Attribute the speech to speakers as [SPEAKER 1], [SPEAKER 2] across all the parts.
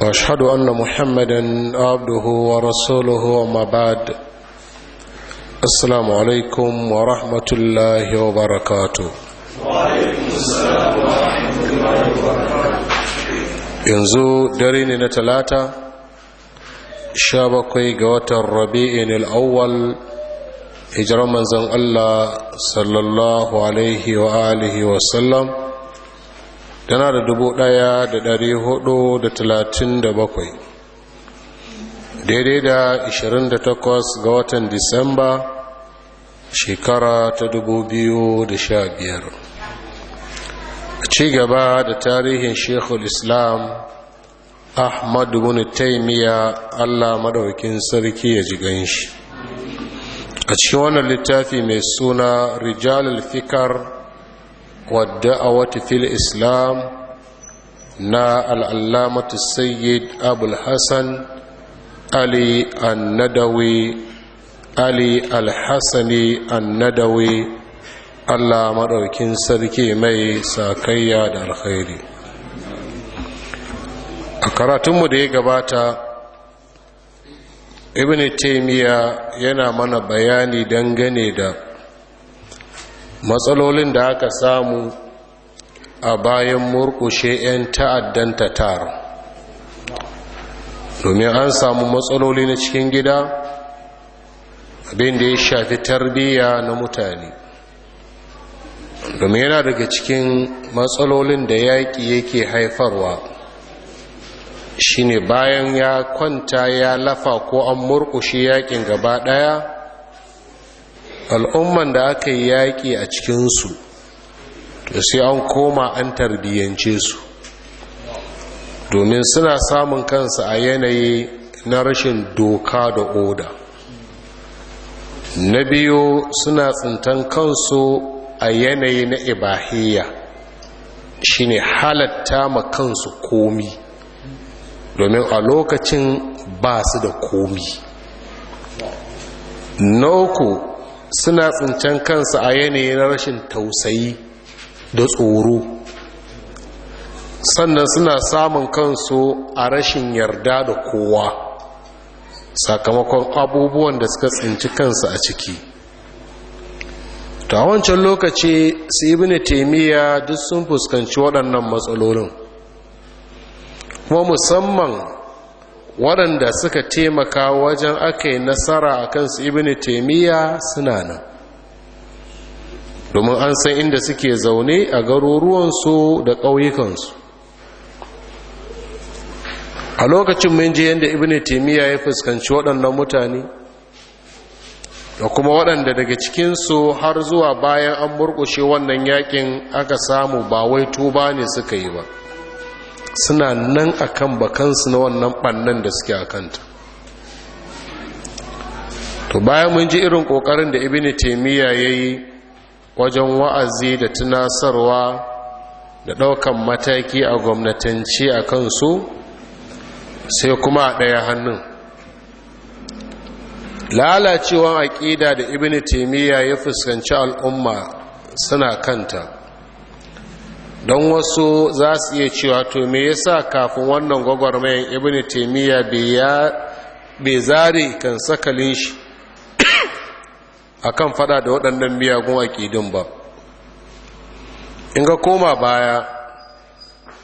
[SPEAKER 1] واشهد ان محمدا عبده ورسوله وما بعد السلام عليكم ورحمه الله وبركاته yanzu dare ne na talata sha bakwai ga watan rabi'in al'awwal hijirar manzon allah sallallahu alaihi wa alihi wasallam tana da dubu ɗaya da dari hudu da talatin da bakwai daidai da 28 ga watan disamba shekara ta dubu biyu da sha biyar. a ci gaba da tarihin shekul islam ahmad wani taimiya allah madaukin sarki ya ji ganshi a cikin wannan littafi mai suna rijalul fikar والدعوة في الإسلام نا العلامة السيد أبو الحسن علي الندوي علي الحسن الندوي الله مدوكين سركي مي ساكيا دار خيري أكراتم دي قباتا ابن taimiyya ينا من بياني دنگني دا matsalolin da aka samu a bayan murkushe 'yan ta'addan tatar domin an samu matsaloli na cikin gida abinda ya shafi tarbiyya na mutane domin yana daga cikin matsalolin da yaƙi yake haifarwa shine bayan ya kwanta ya lafa ko an murkushe yaƙin gaba ɗaya al'umman da aka yi yaƙi a cikinsu to sai an koma an tarbiyyance su domin suna samun kansu a yanayi na rashin doka da oda na biyu suna tsintan kansu a yanayi na ibahiyya shine halatta ma kansu komi domin a lokacin ba su da komi na uku suna tsincen kansu a yanayi na rashin tausayi da tsoro sannan suna samun kansu a rashin yarda da kowa sakamakon abubuwan da suka tsinci kansu a ciki ta wancan lokaci su yi bini taimiyya duk sun fuskanci waɗannan matsalolin kuma musamman waɗanda suka taimaka wajen aka yi nasara a kansu ibini taimiyya suna nan domin an san inda suke zaune a garuruwansu da ƙauyukansu a lokacin mun je yadda ibini taimiyya ya fuskanci waɗannan mutane da kuma waɗanda daga cikinsu har zuwa bayan an murƙushe wannan yakin aka samu ba wai tuba ne suka yi ba suna nan akan bakansu na wannan ɓannan da suke a kanta to bayan mun ji irin ƙoƙarin da ibini taimiyya ya yi wajen wa'azi da tunasarwa da ɗaukan mataki a gwamnatanci a kansu sai kuma a ɗaya hannun lalacewan aƙida da ibini taimiyya ya fuskanci al'umma suna kanta don wasu za su iya cewa to me yasa kafin wannan gwagwarmayan ibn taimiyya bai zare kan sakalin shi akan fada da waɗannan miyagun aƙidin ba in ga koma baya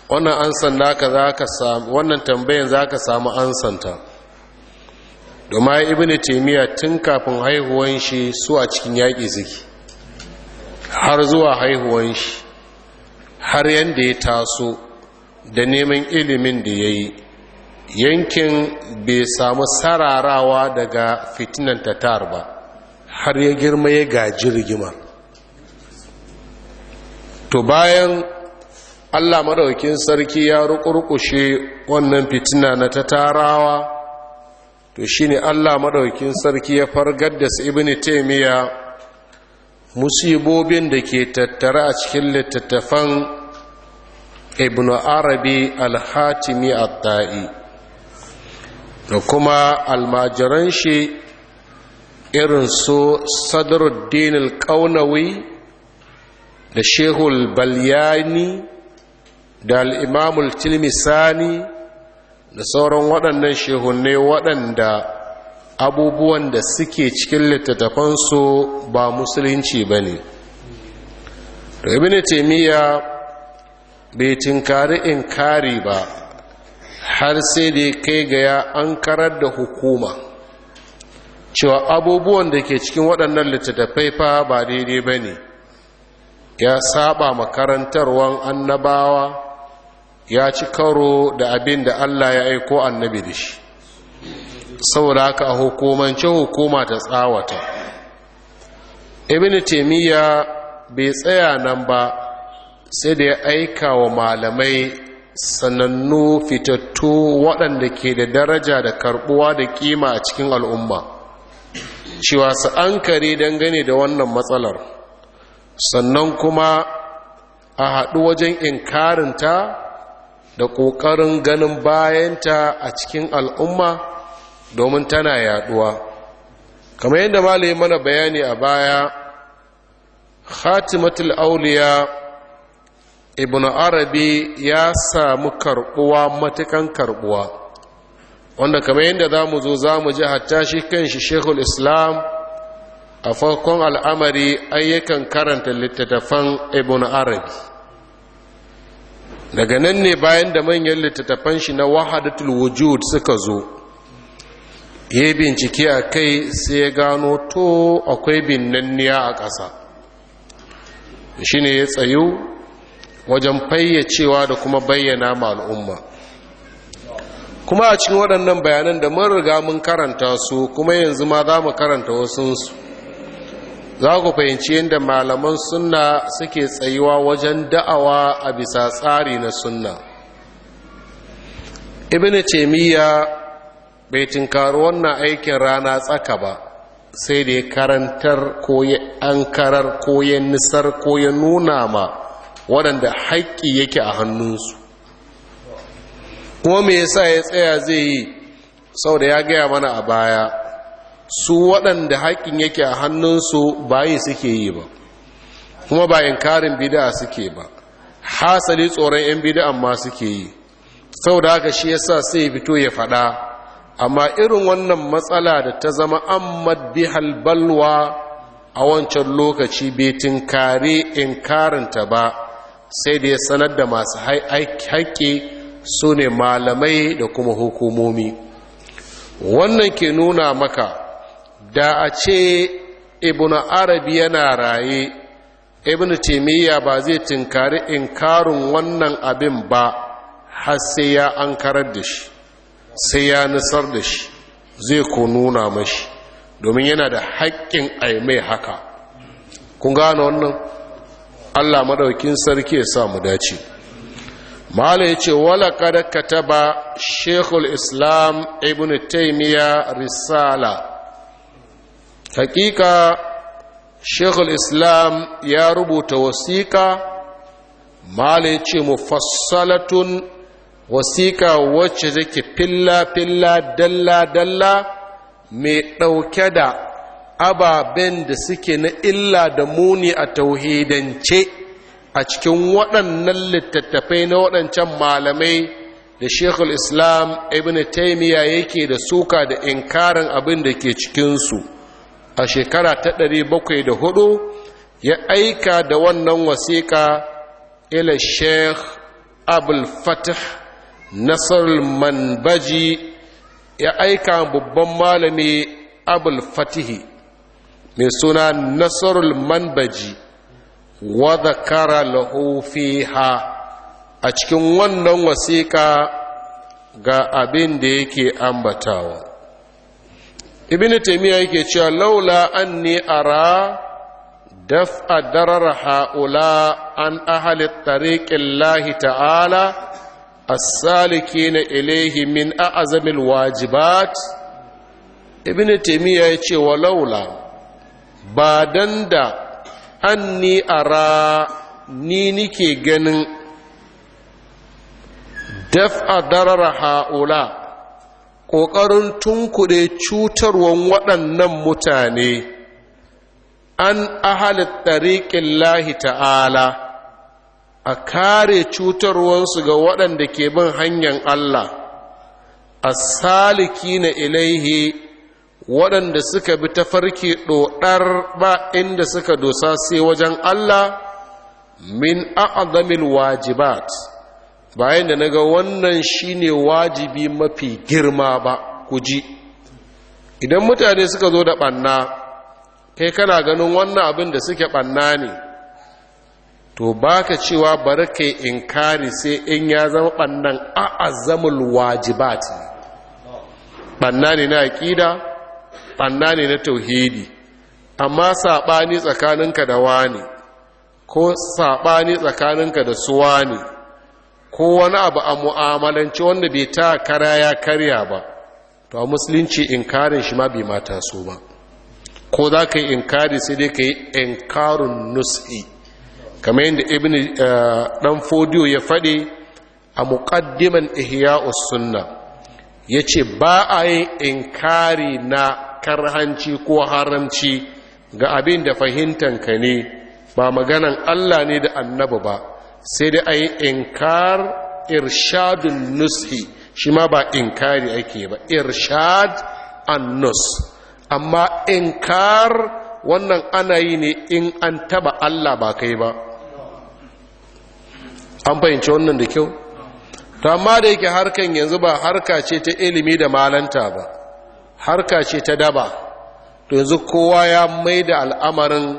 [SPEAKER 1] wannan ansan naka za ka samu wannan tambayin za ka samu ansanta domin ibn taimiyya tun kafin haihuwan shi su a cikin yaƙi ziki har zuwa haihuwan shi har yadda ya taso da neman ilimin da ya yi yankin bai samu sararawa daga fitinan tatar ba har ya girma ya gaji rigimar to bayan allah maɗaukin sarki ya rukurkushe wannan fitina na tatarawa to shine allah maɗaukin sarki ya fargar da su ibini taimiyya musibobin da ke tattara a cikin littattafan ibn arabi al-hatimi al-ta'i da kuma almajiran shi irin su sadruddin al-kaunawi da shehul balyani da al'imamul tilmisani da sauran waɗannan shehunne waɗanda abubuwan da suke cikin littattafansu ba musulunci ba ne da ne taimiyya bai tinkari in kari ba har sai da ya kai ga ya an karar da hukuma cewa abubuwan da ke cikin waɗannan littattafai fa ba daidai ba ne ya saba makarantarwan annabawa ya ci karo da abin da allah ya aiko annabi da shi saboda haka a hukumance hukuma ta tsawata ibn taimiyya bai tsaya nan ba sai da ya aika wa malamai sanannu fitattu waɗanda ke da daraja da karbuwa da kima a cikin al'umma cewa su an kare dangane da wannan matsalar sannan kuma a haɗu wajen inkarinta da ƙoƙarin ganin bayanta a cikin al'umma domin tana yaduwa kamar yadda malami mana bayani a baya khatimatul auliya ibn arabi ya samu karbuwa matukan karbuwa wanda kamar yadda za mu zo za mu ji hatta shi kanshi shekul islam a farkon al'amari ayyukan karanta littattafan ibn arabi daga nan ne bayan da manyan littattafan shi na wahadatul wujud suka zo ya bincike a kai sai ya gano to akwai binnanniya a ƙasa shi ne ya tsayu wajen fayyacewa da kuma bayyana ma al'umma kuma a cikin waɗannan bayanan da mun riga mun karanta su kuma yanzu ma za mu karanta wasunsu za ku fahimci yadda malaman sunna suke tsayuwa wajen da'awa a bisa tsari na sunna ibn taimiyya bai tinkari wannan aikin rana tsaka ba sai da ya karantar ko ya ankarar ko ya nisar ko ya nuna ma waɗanda haƙƙi yake a hannunsu kuma me yasa ya tsaya zai yi sau da ya gaya mana a baya su waɗanda haƙƙin yake a hannunsu bayi suke yi ba kuma ba inkarin bida suke ba hasali tsoron 'yan bida amma suke yi sau da haka shi yasa sai fito ya faɗa amma irin wannan matsala da ta zama an bi halbalwa a wancan lokaci bai in karanta ba sai da ya sanar da masu haƙƙi su ne malamai da kuma hukumomi wannan ke nuna maka da a ce ibn arabi yana raye ibn taimiyya ba zai tinkari inkarin wannan abin ba har sai ya ankarar da shi sai ya nasar da shi zai ko nuna mashi domin yana da haƙƙin aimai haka kun gane wannan allah maɗaukin sarki ya mu dace mahala ya ce wala kada kataba shekul islam ibn taimiyya risala hakika shekul islam ya rubuta wasiƙa mahala ya ce tun. wasiƙa wacce zake filla-filla dalla-dalla mai ɗauke da ababen da suke na illa da muni a tauhidance a cikin waɗannan littattafai na waɗancan malamai da shekul islam ibn taimiyya yake da suka da inkarin abin da ke cikinsu a shekara ta ɗari bakwai da 704 ya aika da wannan wasiƙa ila sheikh abul fatih nasar manbaji ya aika babban malami abul fatihi mai suna nasarul manbaji wadda kara lahofi ha a cikin wannan wasiƙa ga abin da yake ambatawa ibini taimiyya yake cewa laula an anni ara daf'a darar haula an ahalittare ƙin lahi ta'ala asalikina ilaihi min a'zamil wajibat ibnu taymiya yace walaula ba dan da anni ara ni nike ganin daf'a darara haula ƙoƙarin tunkuɗe cutarwan waɗannan mutane an ahalar lahi ta'ala a kare cutarwansu ga waɗanda ke bin hanyar Allah a saliki na ilaihi waɗanda suka bi ta farki ɗoɗar ba inda suka dosa sai wajen Allah min a'azamil wajibat bayan da naga wannan shine wajibi mafi girma ba ku ji idan mutane suka zo da ɓanna kai kana ganin wannan abin da suke ɓanna ne to baka cewa bari in inkari sai in ya zama bannan azamul wajibat banna ne na ƙida, banna ne na tauhidi amma saɓani tsakaninka da wani ko saɓani tsakaninka da su wani ko wani abu a mu'amalanci wanda bai ta kara ya karya ba to a musulunci inkarin shi ma bai mata so ba ko za ka yi inkari sai dai ka yi inkarin nus'i kamar yadda ibn dan eh, fodiyo ya faɗi a muqaddiman ihya'us sunna yace ba a yin inkari na karhanci ko haramci ga abin da fahimtanka ne ba maganan Allah ne da annabi ba sai dai a yi inkar irshadun nushi shi ma ba inkari ake ba irshad an nus amma inkar wannan ana yi ne in an taba Allah ba kai ba an fahimci wannan da kyau ta amma da yake harkan yanzu ba harka ce ta ilimi da malanta ba harka ce ta daba to yanzu kowa ya mai da al'amarin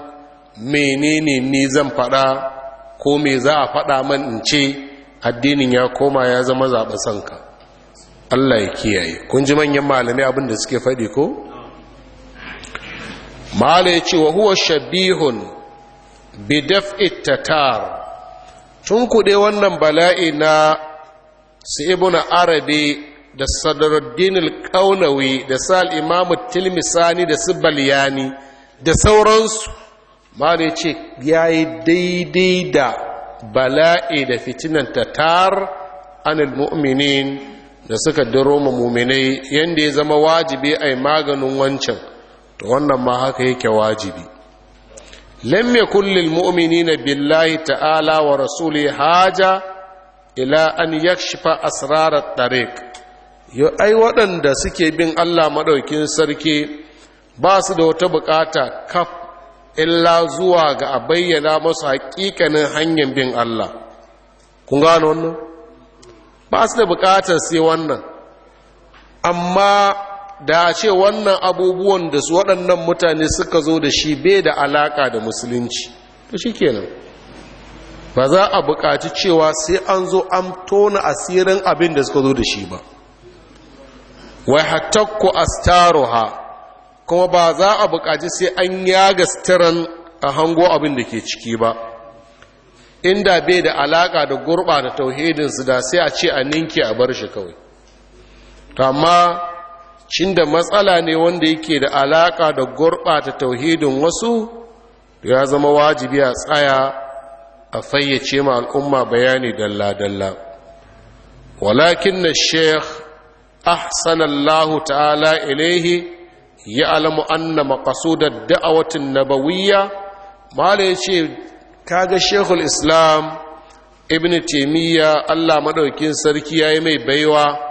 [SPEAKER 1] menene ni zan faɗa ko me za a faɗa man in ce addinin ya koma ya zama zaɓa sanka allah ya kiyaye kun ji manyan malamai abin da suke faɗi ko mahala ya ce wa huwa shabihun bidaf ittatar tunkuɗe wannan bala'i na su ibuna arabi da sadaruddin alƙaunawi da sal imamu tilmisani da su balyani da sauransu ma ne ce ya yi daidai da bala'i da fitinan tatar anil mu'minin da suka daro ma muminai yadda ya zama wajibi a maganin wancan to wannan ma haka yake wajibi lam yakul lil na billahi ta'ala wa rasuli haja ila an yakshifa asrar at-tariq yo ai waɗanda suke bin Allah maɗaukin sarki ba su da wata bukata kaf illa zuwa ga a bayyana masu hakikanin hanyar bin Allah kun gano wannan ba su da bukatar sai wannan amma da a ce wannan abubuwan da su waɗannan mutane suka zo da shi bai da alaƙa da musulunci to shi kenan ba za a buƙaci cewa sai an zo an tona asirin abin da suka zo da shi ba wai hattakku astaroha kuma ba za a buƙaci sai an yaga sitiran a hango abin da ke ciki ba inda bai da alaƙa da gurɓa da tauhidinsu da sai a ce a ninke a bar shi kawai amma shin da matsala ne wanda yake da alaka da gurɓata tauhidin wasu ya zama wajibi a tsaya a fayyace ma al'umma bayani dalla-dalla walakin na sheikh ahsanallahu ta'ala ilaihi ya alamu anna maqasudar da'awatin nabawiyya mala ya ce kaga sheikhul islam ibn taimiyya allah maɗaukin sarki ya yi mai baiwa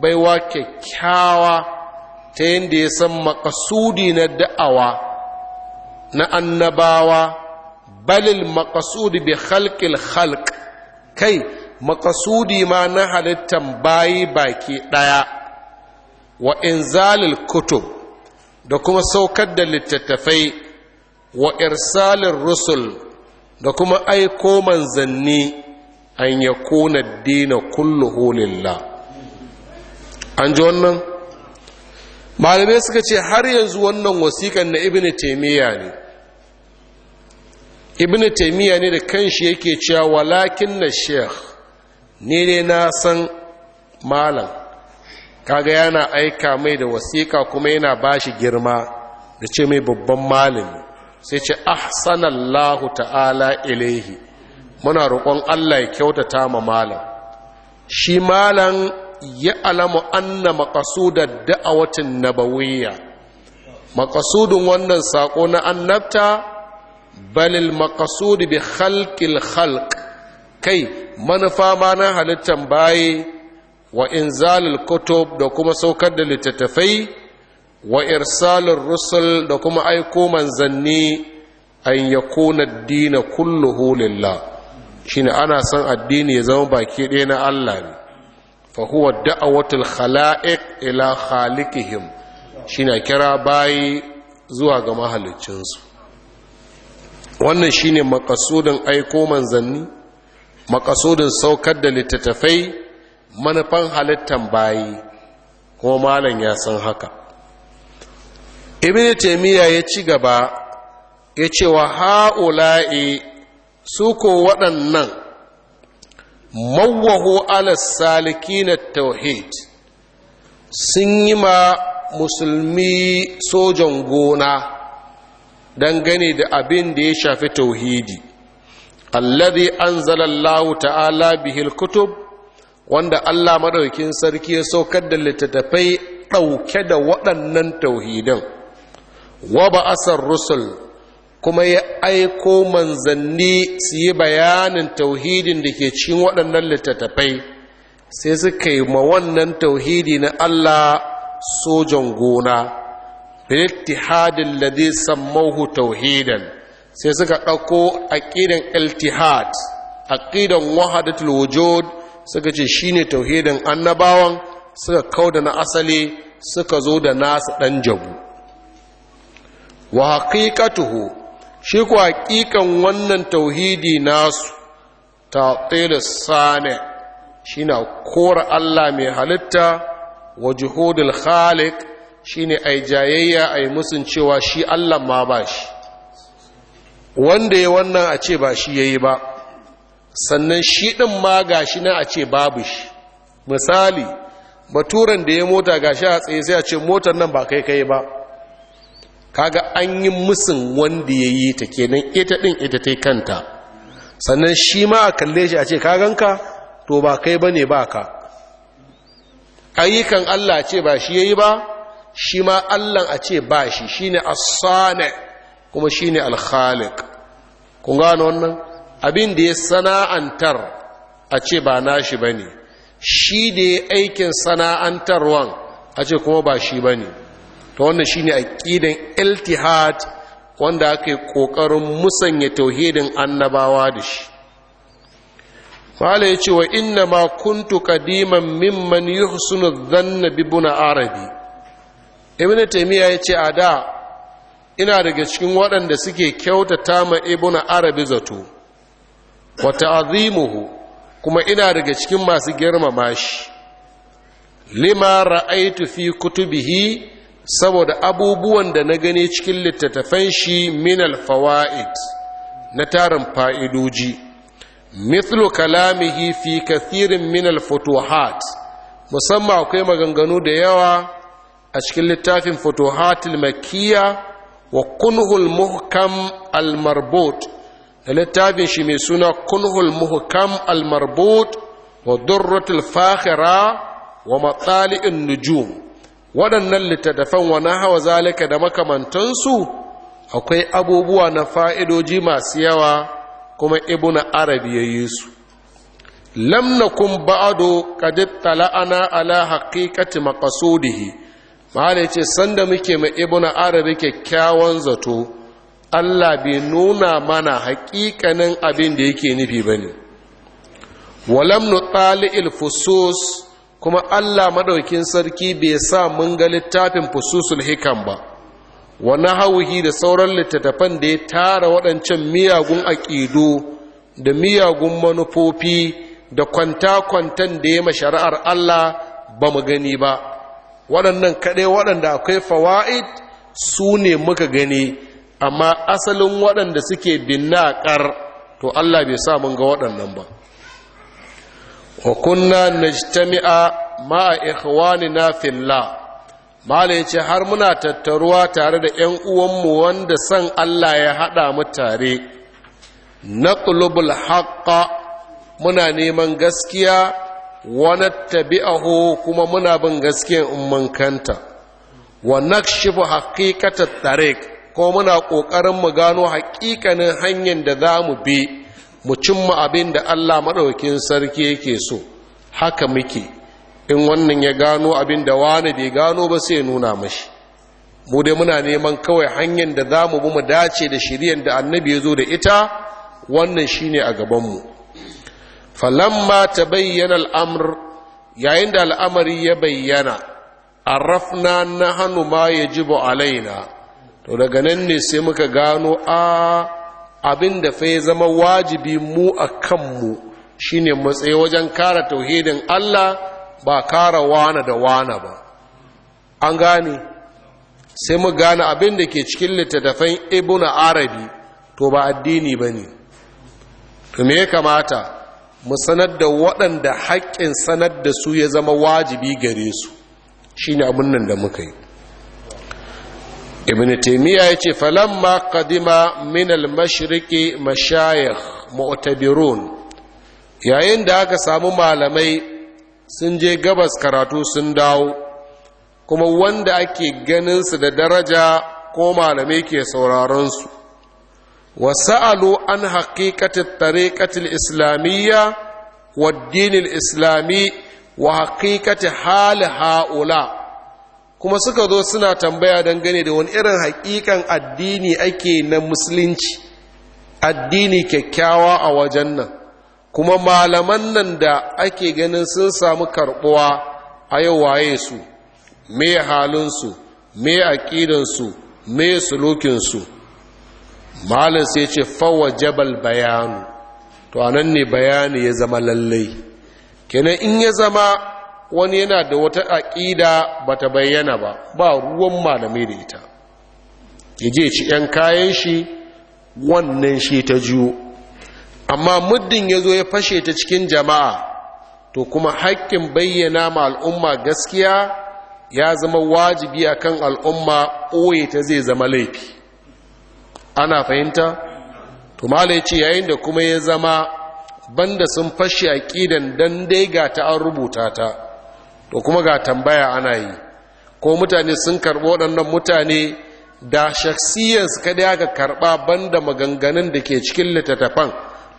[SPEAKER 1] baiwa kyakkyawa ta yadda ya san makasudi na da'awa na annabawa balil makasudi bi halkil halk kai makasudi ma na halittan bayi baki ɗaya wa inzalil kutub da kuma saukar da littattafai wa irsalin rusul da kuma aiko manzanni an yakuna dina kulluhu lillah an ji wannan malamai suka ce har yanzu wannan wasiƙan na ibn taimiyya ne ibn taimiyya ne da kanshi yake cewa walakin na sheikh ne ne na san malam kaga yana aika mai da wasiƙa kuma yana ba shi girma da ce mai babban malami sai ce ahsanallahu ta'ala ilaihi muna roƙon allah ya kyautata ma malam shi malam ya ya'lamu anna maqsudad da'awatin nabawiyya makasudun wannan saƙo na annabta balil makasudu bi khalqil khalq kai manufa ma na halittan baye wa inzalil kutub da kuma saukar da littattafai wa irsalin rusul da kuma aiko manzanni an yakuna dina kullu kulluhu lillah shi ana son addini ya zama baki ɗaya na Allah ne fa huwa da'awatul khala'iq ila khaliqihim shine kira bayi zuwa ga mahaliccinsu wannan shine maƙasudin aiko manzanni maƙasudin saukar da littattafai manufan halittan bayi kuma malam ya san haka ibn taymiya ya ci gaba ya ce wa ha'ula'i su ko waɗannan mawaho ala na tauhid sun yi ma musulmi sojan gona dangane da abin da ya shafi tauhidi alladhi anzala Allah ta'ala bihil kutub wanda Allah madaukin sarki ya saukar da littattafai ɗauke da waɗannan tauhidan wa ba'asar rusul kuma ya aiko manzanni su yi bayanin tauhidin da ke cikin waɗannan littattafai sai suka yi ma wannan tauhidi na Allah sojan gona bilittihadin ladi sammahu tauhidan sai suka ɗauko aƙidan iltihad aƙidan wahadatul wujud suka ce shine tauhidin annabawan suka kau da na asali suka zo da nasa ɗan jabu wa haƙiƙatuhu shi ku haƙiƙan wannan tauhidi nasu ta sane shi na kora Allah mai halitta wa juhudul khalik shi ne a jayayya a yi musun cewa shi Allah ma ba shi wanda ya wannan a ce ba shi ya yi ba sannan shi ɗin ma ga shi na a ce babu shi misali baturan da ya mota ga shi a tsaye sai a ce motar nan ba kai kai ba kaga an yi musun wanda ya yi ta kenan ita ɗin ita ta kanta sannan shi ma a kalle shi a ce kaganka to ba kai ba ne ba ka ayyukan Allah ce ba shi ya yi ba shi ma Allah a ce ba shi shi ne asane kuma shi ne alkhalik kun gano wannan abin da ya sana'antar a ce ba na shi ba ne shi da ya aikin sana'antarwan a ce kuma ba shi ba ne ta wannan a ƙidan iltihad wanda aka yi ƙoƙarin musanya tauhidin annabawa da shi fala ya ce wa inna ma kuntu kadiman mimman yuhsinu dhanna zanna bibuna arabi Ibn taimiyya ya ce a da ina daga cikin waɗanda suke kyauta ta ma ibnu arabi zato Wata azimuhu, kuma ina daga cikin masu girmama shi lima ra'aitu fi kutubihi saboda abubuwan da na gani cikin littattafan shi min alfawa'id na tarin fa'idoji mithlu kalamihi fi kathirin min alfutuhat musamman akwai maganganu da yawa a cikin littafin futuhatul makiya wa kunhul muhkam almarbut da littafin shi mai suna kunhul muhkam almarbut wa durratul fakhira wa matsali'in nujum waɗannan littattafan wani hawa zalika da makamantansu akwai abubuwa na fa'idoji masu yawa kuma ibuna arabi ya yi su lamnakun ba'ado ƙadid tala’ana ala haƙiƙati makasudihi mahala ce sanda muke mai ibuna arabi kyakkyawan zato allah bai nuna mana haƙiƙanin abin da yake nufi ba ne walamnu ɗali'il fusus kuma Allah maɗaukin sarki bai sa mun ga littafin fususul hikam ba wa hauhi da sauran littattafan da ya tara waɗancan miyagun aƙidu da miyagun manufofi da kwanta-kwantan da ya shari'ar Allah ba mu gani ba waɗannan kaɗai waɗanda akwai fawa'id su ne muka gani amma asalin waɗanda suke binnaƙar to Allah bai sa mun ga waɗannan ba wa kunna najtami'a ma'a ikhwanina fillah mala yace har muna tattaruwa tare da ƴan uwanmu wanda san Allah ya hada mu tare naqlubul haqqa muna neman gaskiya wa nattabi'ahu kuma muna bin in umman kanta wa nakshifu haqiqatat tariq ko muna kokarin mu gano haƙiƙanin hanyar da za mu bi mu cimma abin da Allah maɗaukin sarki yake so haka muke in wannan ya gano abin da wani bai gano ba sai nuna mashi mu dai muna neman kawai hanyar da zamu bi mu dace da shiriyar da annabi ya zo da ita wannan shine a gabanmu falamma ta bayyana al'amur yayin da al'amari ya bayyana arrafna na hannu ma ya alaina to daga nan ne sai muka gano a ah, abin da fa ya zama wajibi mu a kanmu shi shine matsayi wajen kara tauhidin Allah ba kara wana da wana ba an gane sai mu gane abin da ke cikin littattafan ibuna arabi to ba addini ba ne to me ya kamata mu sanar da waɗanda haƙƙin sanar da su ya zama wajibi gare su shine abin nan da muka yi ibn taimiyya ya ce falamma kadima min al-mashriqi mashayikh mu'tabirun yayin da aka samu malamai sun je gabas karatu sun dawo kuma wanda ake ganin su da daraja ko malamai ke sauraron su an وسألوا عن حقيقة الطريقة الإسلامية islami wa haqiqati hal ha'ula' kuma suka zo suna tambaya dangane da wani irin hakikan addini ake na musulunci addini kyakkyawa a wajen nan kuma malaman nan da ake ganin sun samu karɓuwa, a yau waye su me halinsu me aƙidansu me sulukinsu malin sai ce fawa jabal bayanu to anan ne bayani ya zama lallai kenan in ya zama wani yana da wata aƙida ba ta bayyana ba ba ruwan malamai da ita ya je ci 'yan kayan shi wannan shi ta jiyo amma muddin ya zo ya fashe ta cikin jama'a to kuma haƙƙin bayyana ma al'umma gaskiya ya zama wajibi a kan al'umma ɓoye ta zai zama laifi ana fahimta? to malai yayin da kuma ya zama banda sun fashe aƙidan don dai ta an rubuta ta to kuma ga tambaya ana yi ko mutane sun karɓi waɗannan mutane da shaksiyansu kada ya ga karɓa banda maganganun da ke cikin littattafan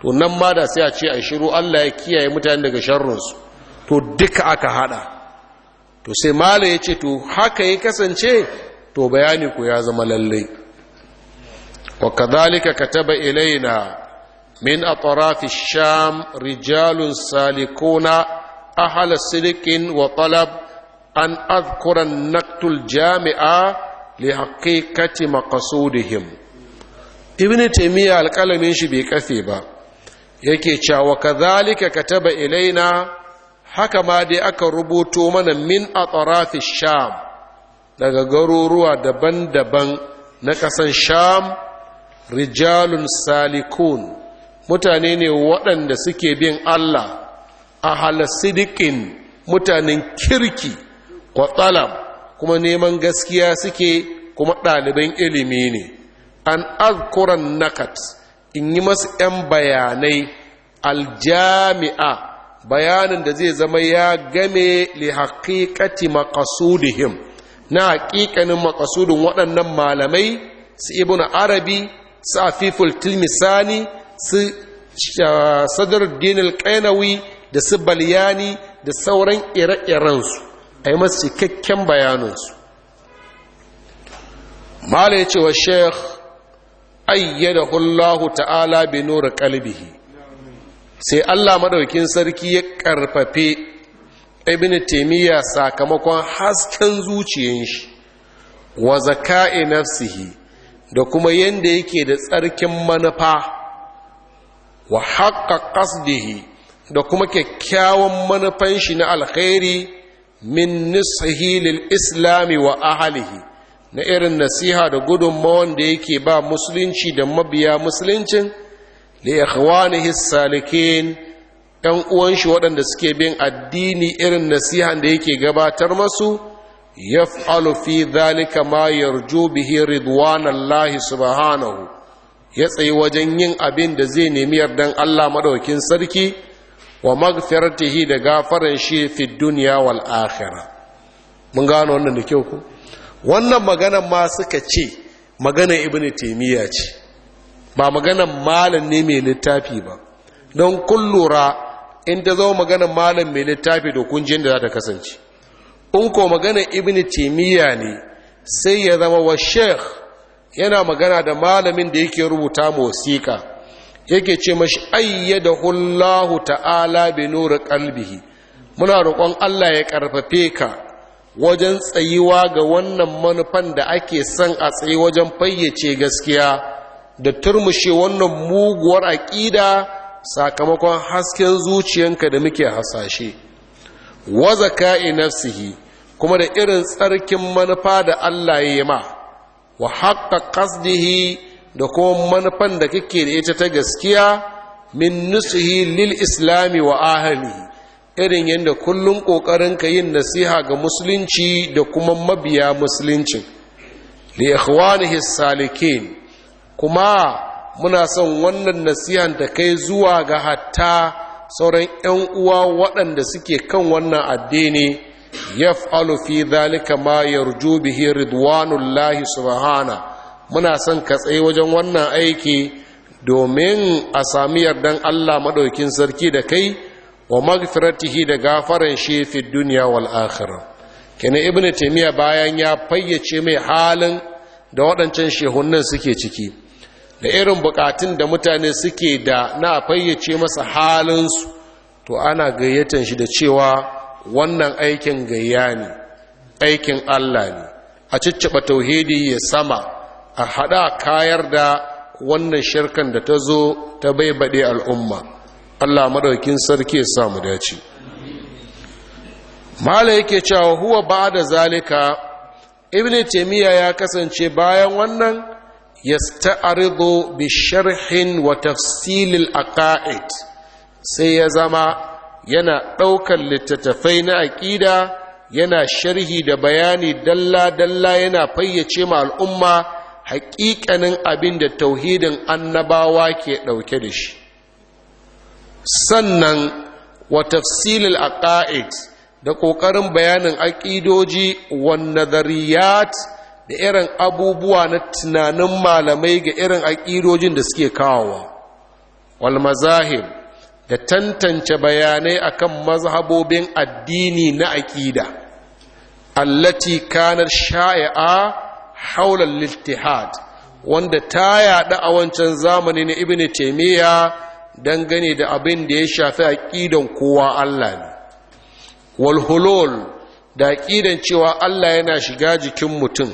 [SPEAKER 1] to nan ma da sai a ce a shiru allah ya kiyaye mutane daga sharrunsu, to duka aka haɗa to sai mala ya ce to haka ya kasance to bayani ku ya zama lallai wa kadhalika kataba ilaina min atrafi sham rijalun salikuna أهل صدق وطلب أن أذكر النكت الجامعة لحقيقة مقصودهم ابن تيمية القلم ينشي ba. yake cewa kazalika kataba ilaina haka ma dai aka rubuto mana min atrafi sham daga garuruwa daban-daban na ƙasan sham rijalun salikun mutane ne waɗanda suke bin Allah ahala sidikin mutanen kirki wa talab kuma neman gaskiya suke kuma ɗaliban ilimi ne an azkuran nakat in yi masu 'yan bayanai aljami'a bayanin da zai zama ya game li haƙiƙati makasudihim na haƙiƙanin makasudin waɗannan malamai su ibn arabi su afiful tilmisani su sadar dinil ƙainawi da su balyani da sauran ire-irensu a yi masu cikakken bayaninsu mala ya ce wa sheikh Ayyada hullahu ta'ala bi nura kalbihi sai allah maɗaukin sarki ya karfafe ibn taimiyya sakamakon hasken zuciyanshi, shi wa zaka'i nafsihi da kuma yadda yake da tsarkin manufa wa haƙa ƙasdihi da kuma kyakkyawan manufan shi na alkhairi min nishi lil islami wa ahalihi na irin nasiha da gudunmawan da yake ba musulunci da mabiya musuluncin da ya salikin ‘yan uwanshi waɗanda suke bin addini irin nasihan da yake gabatar masu ya fi zalika ma yarju bihi ridwanallahi subhanahu ya tsayi wajen yin abin da zai nemi yardan Allah maɗaukin sarki wa magfiratihi da gafaran shi fi duniya wal akhirah mun gano wannan da kyau ko wannan magana ma suka ce magana ibnu taymiya ce ba magana malam ne mai littafi ba don kullura in ta zama magana malam mai littafi da kunjin da za ta kasance in ko magana ibnu taymiya ne sai ya zama wa sheikh yana magana da malamin da yake rubuta wasiƙa yake ce mashi Hullahu ta'ala bi nuri kalbihi muna roƙon Allah ya karfafe ka wajen tsayiwa ga wannan manufan da ake son a tsayi wajen fayyace gaskiya da turmushe wannan muguwar aƙida sakamakon hasken zuciyanka da muke hasashe wa zaka'i nafsihi kuma da irin tsarkin manufa da Allah ya yi ma wa haƙa kasdihi. da kuma manufan da kake da ita ta gaskiya min nusuhi lil islami wa ahalihi irin yadda kullum ƙoƙarin ka yin nasiha ga musulunci da kuma mabiya musulunci li ikhwanihi salikin kuma muna son wannan nasihan ta kai zuwa ga hatta sauran 'yan uwa waɗanda suke kan wannan addini yaf'alu fi dhalika ma yarju bihi ridwanullahi subhanahu muna son ka tsaye wajen wannan aiki domin a sami yardan Allah maɗaukin sarki da kai wa magfiratihi da gafaran shi fi duniya wal akhirah kene ibnu taymiya bayan ya fayyace mai halin da waɗancan shehunnan suke ciki da irin bukatun da mutane suke da na fayyace masa halinsu to ana gayyatan shi da cewa wannan aikin gayya ne aikin Allah ne a cicciɓa tauhidi ya sama a haɗa kayar da wannan shirkan da ta zo ta baibaɗe al'umma allah maɗaukin sarki ya samu dace mala yake cewa huwa ba da zalika ibn taymiya ya kasance bayan wannan ya bi sharhin wa tafsilil aqaid sai ya zama yana ɗaukar littattafai na aƙida yana sharhi da bayani dalla-dalla yana fayyace ma al'umma haƙiƙanin abin da tauhidin annabawa ke ɗauke da shi sannan wa tafsilil aqaid da ƙoƙarin bayanin aƙidoji wa nazariyat da irin abubuwa na tunanin malamai ga irin aƙidojin da suke kawowa wal mazahib da tantance bayanai akan mazhabobin addini na aƙida allati kanar sha'i'a haular littihad wanda ta yaɗa a wancan zamani na ibn taimiyya dangane da abin da ya shafi aƙidan kowa Allah ne walhulol da aƙidan cewa Allah yana shiga jikin mutum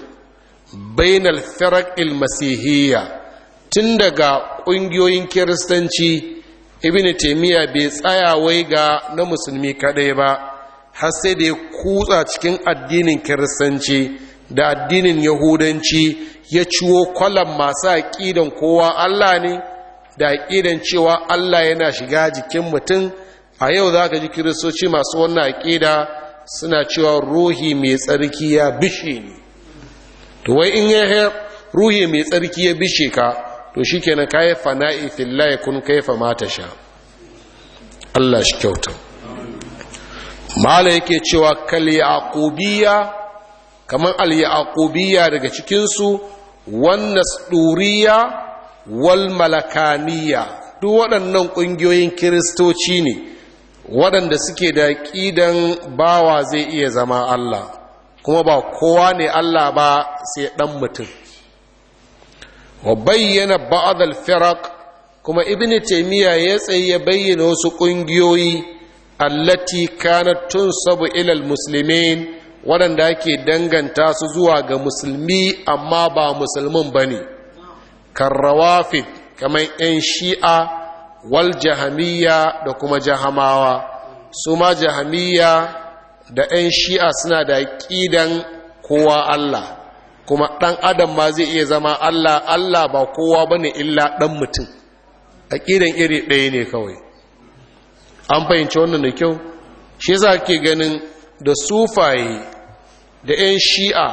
[SPEAKER 1] bainal firak masihiyya tun daga ƙungiyoyin kiristanci ibn taimiyya bai tsaya wai ga na musulmi kaɗai ba har sai da ya kutsa cikin addinin kiristanci da addinin yahudanci ya ciwo kwalan masu aƙidan kowa Allah ne da aƙidan cewa Allah yana shiga jikin mutum a yau za ka ji kiristoci masu wannan aƙida suna cewa ruhi mai tsarki ya bishe ne to wai in ya ruhi mai tsarki ya bishe ka to shi ke na kayi fana'i fillaye kun kaifa mata sha Allah shi kyauta mala yake cewa kal yaqubiya kamar al-yaqubiyya daga cikinsu su wan wal malakaniya duk waɗannan ƙungiyoyin kiristoci ne waɗanda suke da ƙidan bawa zai iya zama Allah kuma ba kowa ne Allah ba sai ɗan mutum wa bayyana ba'ad al kuma ibn taymiya ya tsaye ya bayyana wasu ƙungiyoyi allati kanat tunsabu ila al-muslimin waɗanda ake danganta su zuwa ga musulmi amma ba musulmin ba ne karrawafid kamar 'yan shi'a wal jahamiya da kuma jahamawa su ma jahamiyya da 'yan shi'a suna da ƙidan kowa Allah kuma ɗan adam ma zai iya zama Allah Allah ba kowa ba ne illa ɗan mutum a ƙidan iri ɗaya ne kawai an fahimci wannan da kyau shi za ke ganin da sufaye da 'yan shi'a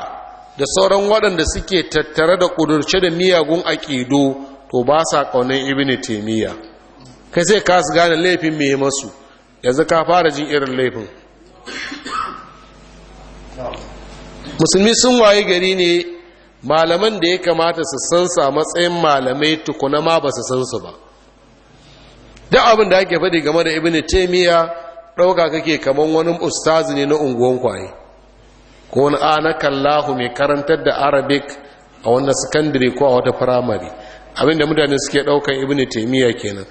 [SPEAKER 1] da sauran waɗanda suke tattare da ƙudurce da miyagun aƙido to ba sa ƙaunar ibn taimiyya kai sai ka su gane laifin mai masu yanzu ka fara jin irin laifin musulmi sun waye gari ne malaman da ya kamata su san sa matsayin malamai tukuna ma ba su san su ba Don abin da ake faɗi game da ibn taimiyya ɗauka kake kamar wani ustazi ne na unguwan kwaye ko wani kallahu mai karantar da arabic a wanda sakandare ko a wata firamare abinda mutane suke daukan ibn taimiyya kenan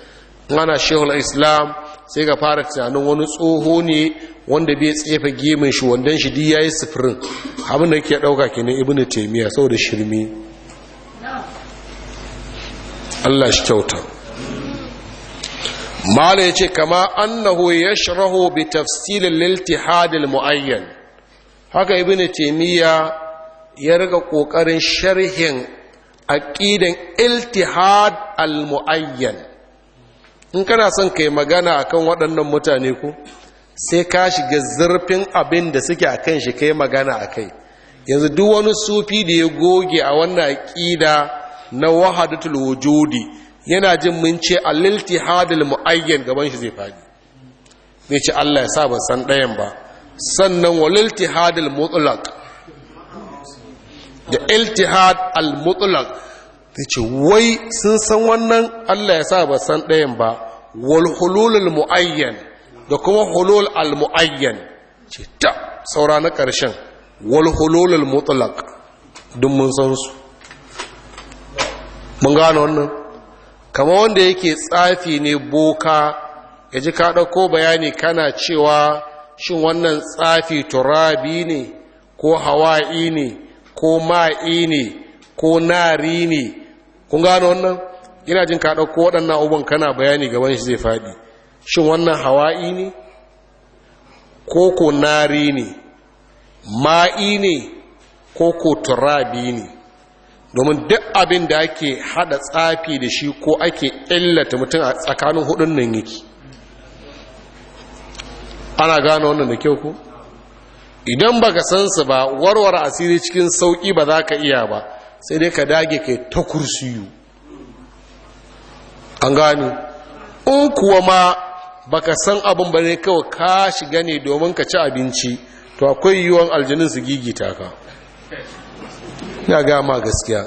[SPEAKER 1] ana shehul islam sai ka fara tunanin wani tsoho ne wanda bai tsefa gemin shi wandan shi di yayi sifirin abin da ke dauka kenan ibn taimiyya saboda shirmi Allah shi kyauta mala yace kama annahu yashrahu bi tafsil al-iltihad muayyan haka ibn taymiya ya riga ƙoƙarin sharhin aqidan iltihad al-muayyan in kana son kai magana akan waɗannan mutane ku? sai ka shiga zurfin abin da suke kan shi kai magana a kai. yanzu duk wani sufi da ya goge a wannan ƙida na wahadatul wujudi yana jin mun ce al-iltihad muayyan gaban shi zai fadi zai ce Allah ya sa ban san ɗayan ba sannan waliltihad al-mutlaq da iltihad al-mutlaq ta ce wai sun san wannan Allah ya sa ba san ɗayan ba wal hulul muayyan da kuma hulul al-muayyan ce ta saura na ƙarshen wal hulul al-mutlaq duk mun san su mun gano wannan kama wanda yake tsafi ne boka ya ji ka ɗauko bayani kana cewa shin wannan tsafi turabi ne ko hawa'i ne ko ma'i ne ko nari ne kun gano wannan ina jin ka ɗauko waɗannan abubuwan kana bayani gaban shi zai faɗi shin wannan hawa'i ne ko ko nari ne ma'i ne ko ko turabi ne domin duk abin da ake hada tsafi da shi ko ake illata mutum a tsakanin hudun nan yake ana gano wannan da kyau ko idan baka san su ba warware asiri cikin sauki ba za ka iya ba sai dai ka dage kai ta kursiyu an gane in kuwa ma baka san abin ba ne kawai ka shiga ne domin ka ci abinci to akwai yiwuwan aljinin su gigita ka ya gama gaskiya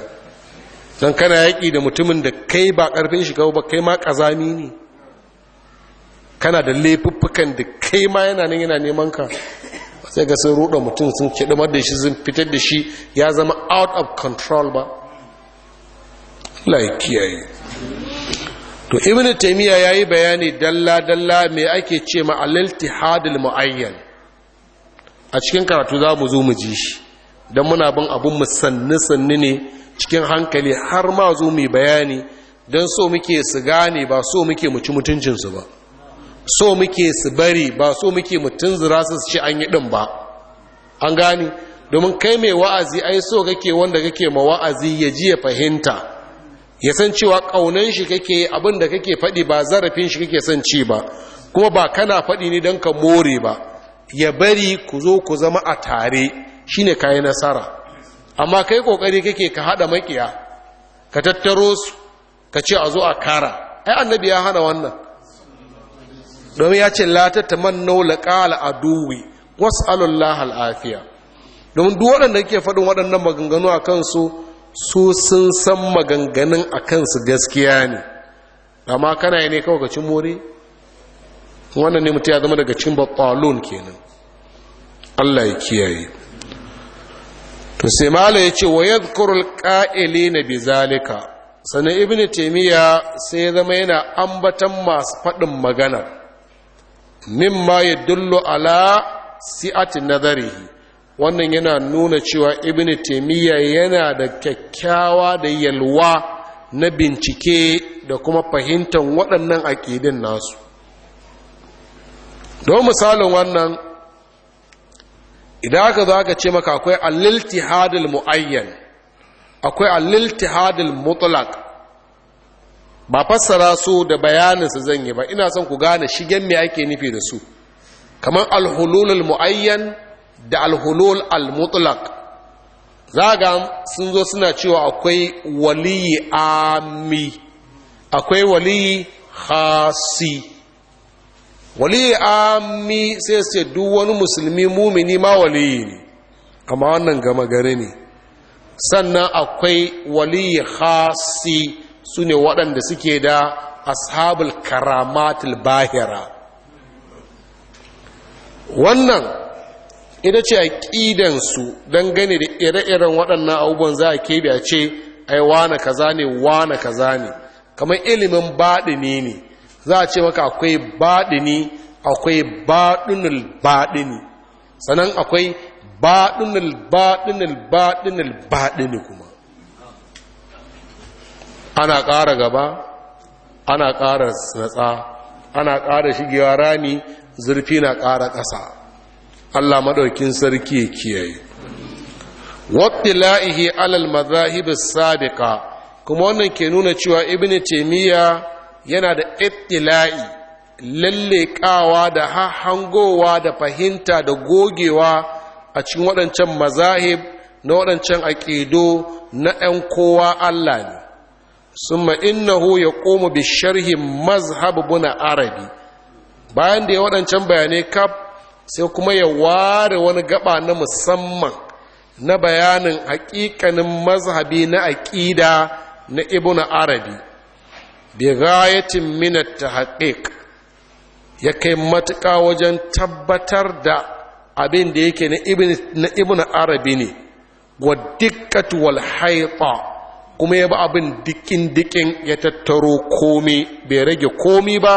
[SPEAKER 1] don kana yaƙi da mutumin da kai ba ƙarfin shiga ba kai ma ƙazami ne kana da laifuffukan da kai ma yana nan yana neman ka sai ga sun ruɗa mutum sun damar da shi sun fitar da shi ya zama out of control ba like yayi to ibnu taymiya yayi bayani dalla dalla me ake ce ma al-iltihadul muayyan a cikin karatu za mu zo mu ji shi dan muna bin abun mu sanni sanni ne cikin hankali har ma zo mu bayani dan so muke su gane ba so muke mu ci mutuncinsu ba so muke su bari ba so muke mutum zira su ci an yi ɗin ba an gani domin kai mai wa'azi ai so kake wanda kake ma wa'azi ya ji ya fahimta ya san cewa ƙaunan shi kake abin da kake faɗi ba zarafin shi kake son ci ba kuma ba kana faɗi ne don ka more ba ya bari ku zo ku zama a tare shine ka nasara amma kai ƙoƙari kake ka haɗa maƙiya ka tattaro su ka ce a zo a kara ai annabi ya hana wannan domin ya ce la tatamannu wasu aduwi was'alullaha al'afiya domin duk waɗanda ke faɗin waɗannan maganganu a kansu su sun san maganganun a kansu gaskiya ne amma kana yi ne kawai cin more wannan ne mutu ya zama daga cin battalon kenan Allah ya kiyaye to sai mala ya ce wa na bi zalika sannan ibini taymiya sai ya zama yana ambatan masu faɗin magana mimma ya dullo ala si'ati nazarihi wannan yana nuna cewa ibn taimiyya yana da kyakkyawa da yalwa na bincike da kuma fahimtar waɗannan aƙidin nasu don misalin wannan idan aka zo aka ce maka akwai hadil mu'ayyan akwai aliltihadil mutlaq ba fassara su da bayaninsu zan yi ba ina son ku gane shigen me ake nufi da su kamar alhulul mu'ayyan da alhulul almutlaq zaga sun zo suna cewa akwai waliyi ami akwai waliyi khasi waliyi ami sai sai duk wani musulmi mumini ma waliyi ne amma wannan gama gari ne sannan akwai waliyi khasi su ne waɗanda suke da ashabul karamatul bahira wannan ita ce aƙidansu don gane da ire-iren waɗannan abubuwan za a kebe a ce ai wane kaza ne wane kaza ne kamar ilimin baɗini ne za a ce maka akwai baɗini akwai baɗinul baɗini sannan akwai baɗinul baɗinul baɗinul baɗini kuma ana ƙara gaba ana ƙara natsa ana ƙara shigewa rami zurfi na ƙara ƙasa allah maɗaukin sarki ya kiyaye wattila'ihi alal mazahib sabiqa kuma wannan ke nuna cewa ibn taymiya yana da ittila'i lallekawa da hangowa da fahimta da gogewa a cikin waɗancan mazahib na waɗancan aƙido na ‘yan kowa Allah ne summa ya yaqumu bi sharhi mazhab buna arabi bayan da ya waɗancan bayanai kaf sai kuma ya ware wani gaba na musamman na bayanin haƙiƙanin mazhabi na aƙida na ibn arabi bi ghayatin min at ya kai matuƙa wajen tabbatar da abin da yake na ibn arabi ne wa dikkat wal haita kuma ya ba abin dikin dikin ya tattaro komi bai rage komi ba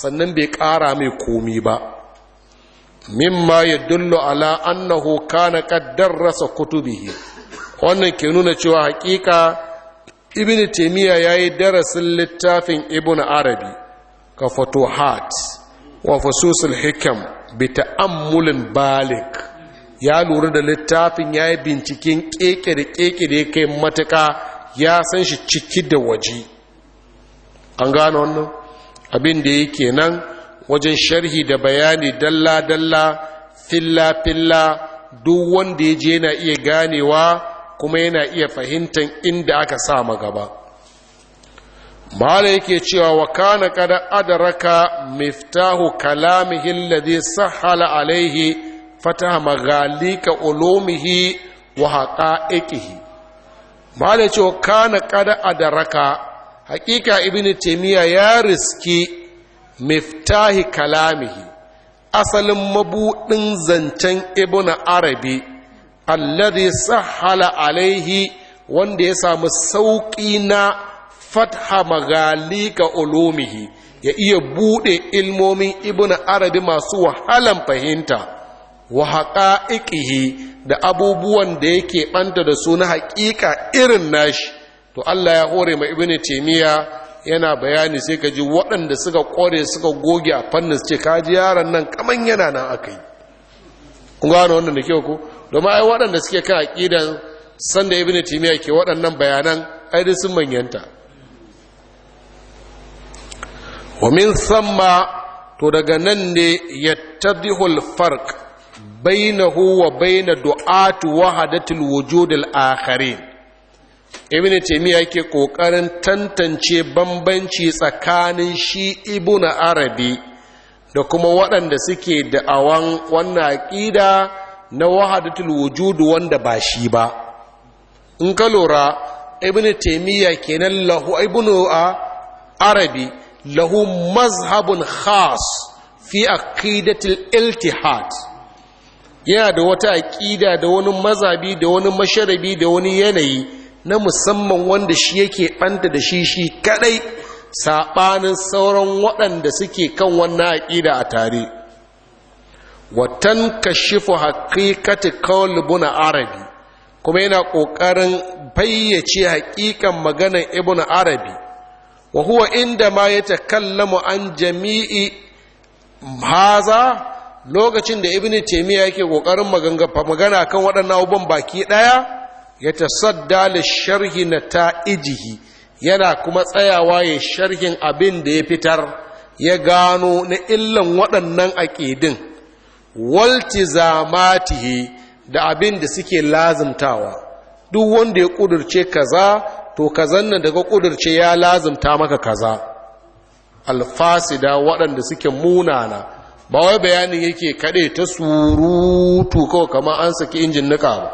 [SPEAKER 1] sannan bai ƙara mai komi ba mimma ya dullo ala annahu kana kaddar rasa kutubihi wannan ke nuna cewa hakika ibn taimiyya ya yi darasin littafin ibn arabi ka hat wa fasusul hikam bi ta'ammulin balik ya lura da littafin ya yi binciken keke da keke da ya kai matuka ya san shi ciki da waje an gano wannan abin da yake nan wajen sharhi da bayani dalla-dalla filla-filla duk wanda ya je na iya ganewa kuma yana iya fahimtar inda aka sa gaba. mala yake cewa wa kana kada adaraka miftahu kalamihi alladhi sahala alaihi fataha magalika ulumihi wa haqa'iqihi ba da wa kana kada a raka hakika ibn temiya ya riski miftahi kalamihi asalin mabudin zancen ibn arabi alladhi sahala alaihi wanda ya samu sauƙi na fatha magali ga ulumihi ya iya buɗe ilmomin ibn arabi masu wahalan fahimta wa haƙa'iƙihi da abubuwan da yake ɓanta da su na haƙiƙa irin nashi to Allah ya hore ma ibn temiya yana bayani sai ka ji waɗanda suka ƙware suka goge a fannin su ce ka ji yaran nan kaman yana nan aka yi kun wannan da kyau ku? domin ai waɗanda suke kan aƙidan sanda ibn temiya ke waɗannan bayanan ai dai sun manyanta wa min to daga nan ne yattadihul farq bainahu wa baina du'atu wahadatul wujudil akharin ibn taymiya yake ƙoƙarin tantance bambanci tsakanin shi ibn arabi da kuma waɗanda suke da awan wannan aqida na wahadatul wujud wanda ba shi ba in ka lura ibn taymiya kenan lahu ibn arabi lahu mazhabun khas fi aqidatil iltihad yana da wata aƙida da wani mazabi da wani masharabi da wani yanayi na musamman wanda shi yake ɓanta da shi shi kaɗai saɓanin sauran waɗanda suke kan wannan aƙida a tare watan kashifu haƙiƙati buna arabi kuma yana ƙoƙarin bayyace haƙiƙan maganar ibn arabi wa huwa inda ma ya takallamu an jami'i haza lokacin da ibn ya ke ƙoƙarin magana kan waɗannan abubuwan baki ɗaya ya sadda da sharhi na ta'ijihi yana kuma tsayawa ya sharhin abin da ya fitar ya gano na illan waɗannan aƙidin waltizamatihi da abin da suke lazimtawa duk wanda ya ƙudurce kaza to kazan nan daga ƙudurce ya lazimta maka kaza alfasida waɗanda suke munana ba wai bayanin yake kaɗe ta surutu kawai kamar an saki injin nika ba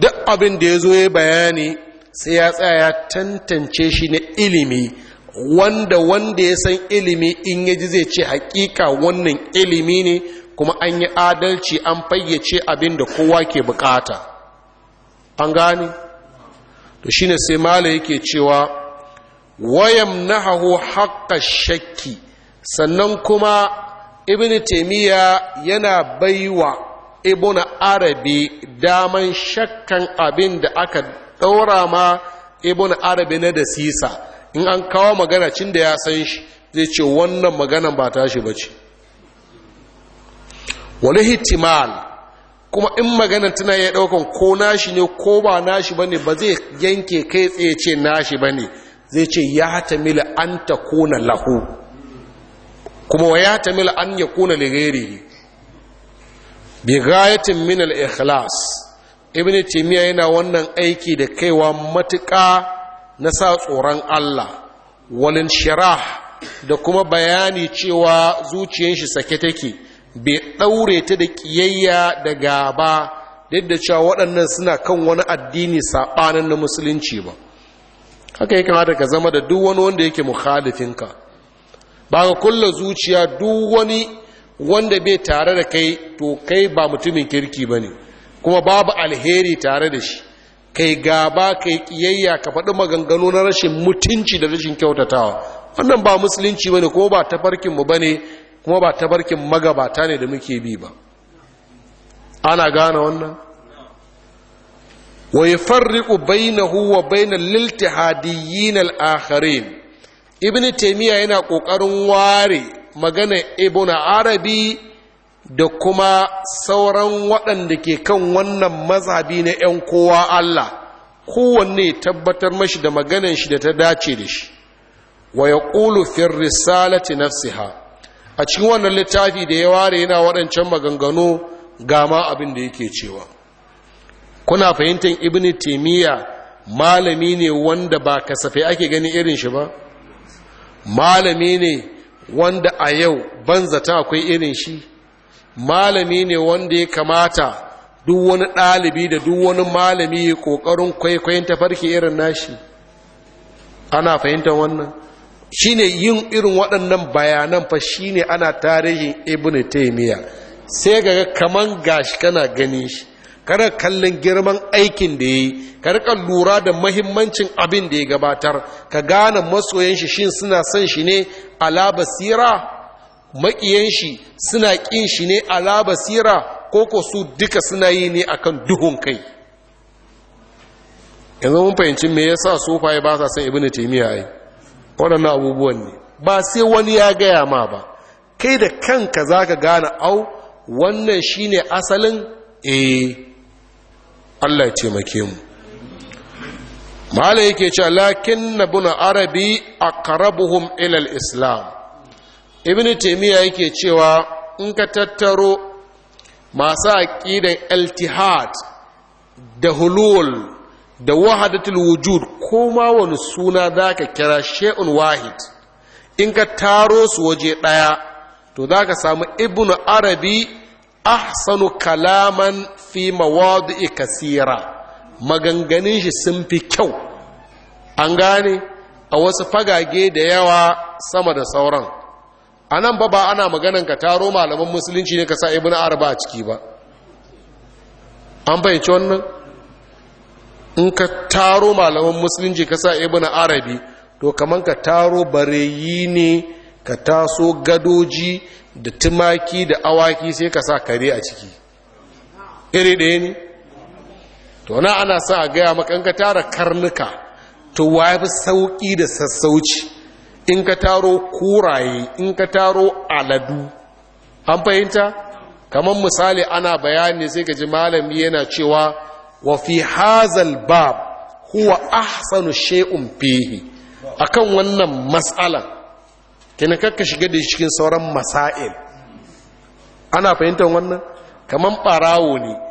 [SPEAKER 1] duk abin da ya zo ya bayani sai ya tsaya ya tantance shi na ilimi wanda wanda ya san ilimi in ya ji zai ce hakika wannan ilimi ne kuma an yi adalci an fayyace abin da kowa ke bukata an gane to shine sai mala yake cewa wayam nahahu haƙa shakki sannan kuma ibn taimiyya yana baiwa ibn arabi daman shakkan abin da aka ɗaura ma ibn arabi na da sisa in an kawo magana cin da ya san shi zai ce wannan maganan ba tashi ba ce wani hitimal kuma in maganan tana ya ɗaukan ko nashi ne ko ba nashi bane ba zai yanke kai tsaye ce nashi bane? zai ce ya hatamila an ta kona lahu kuma wa ya tamil an ya kuna ligerihi bi gayatin min al-ikhlas ibn timiya yana wannan aiki da kaiwa matuƙa na sa tsoron Allah walin shirah da kuma bayani cewa zuciyar shi sake take bai ɗaure ta da ƙiyayya da gaba duk da cewa waɗannan suna kan wani addini saɓanin na musulunci ba haka yi kamata ka zama da duk wani wanda yake mukhalifinka ba ka kulla zuciya duk wani wanda bai tare da kai to kai ba mutumin kirki ba ne kuma babu alheri tare da shi kai gaba kai kiyayya ka faɗi maganganu na rashin mutunci da rashin kyautatawa wannan ba musulunci ba ne kuma ba tafarkinmu ba ne kuma ba tafarkin magabata ne da muke bi ba ana gane wannan wa na huwa bai na liltihadiyyin al-akharin ibn taimiyya yana ƙoƙarin ware magana ibn arabi da kuma sauran waɗanda ke kan wannan mazhabi na 'yan kowa Allah kowanne tabbatar mashi da maganan shi da ta dace da shi wa ya ƙulu fin risalati nafsiha a cikin wannan littafi da ya ware yana waɗancan maganganu gama abin da yake cewa kuna fahimtar ibn taimiyya malami ne wanda ba kasafai ake gani irin shi ba malami ne wanda a yau banzata akwai irin shi malami ne wanda ya kamata duk wani ɗalibi da duk wani malami ƙoƙarin kwaikwayon tafarki irin nashi ana fahimtar wannan Shi ne yin irin waɗannan bayanan fa shi ana tarihin ibn taimiyya sai ga kaman gashi kana gani shi kada kallon girman aikin da ya yi ka rika lura da mahimmancin abin da ya gabatar ka gane masoyan shi shin suna son shi ne ala basira maƙiyan shi suna ƙin shi ne ala basira ko ko su duka suna yi ne akan duhun kai yanzu mun fahimci me yasa sofaye ba sa son ibnu taymiya ai waɗannan abubuwan ne ba sai wani ya gaya ma ba kai da kanka zaka gane au wannan shine asalin eh Allah ya taimake mu malai yake cewa lakin nabuna arabi aqrabuhum ila al-islam ibn taymiya yake cewa in ka tattaro masu aqidan altihad da hulul da wahadatul wujud ko ma wani suna zaka kira shay'un wahid in ka taro su waje ɗaya, to zaka samu ibnu arabi ahsanu kalaman fi mawadi'i kasira maganganun shi sun fi kyau an gane a wasu fagage da yawa sama da sauran a nan ba ba ana maganan ka taro malaman musulunci ne ka sa ibn arba a ciki ba an fahimci wannan in ka taro malaman musulunci ka sa arabi to kaman ka taro bareyi ne ka taso gadoji da tumaki da awaki sai ka sa kare a ciki iri ɗaya ne to na ana sa a gaya maka in ka tara karnuka to ya fi sauƙi da sassauci in ka taro kuraye in ka taro aladu an fahimta kamar misali ana bayani sai ka ji malami yana cewa wa hazal bab huwa ahsanu she'un fihi akan wannan matsalan kina kakka shiga da cikin sauran masail ana fahimtar wannan Kamar ɓarawo ne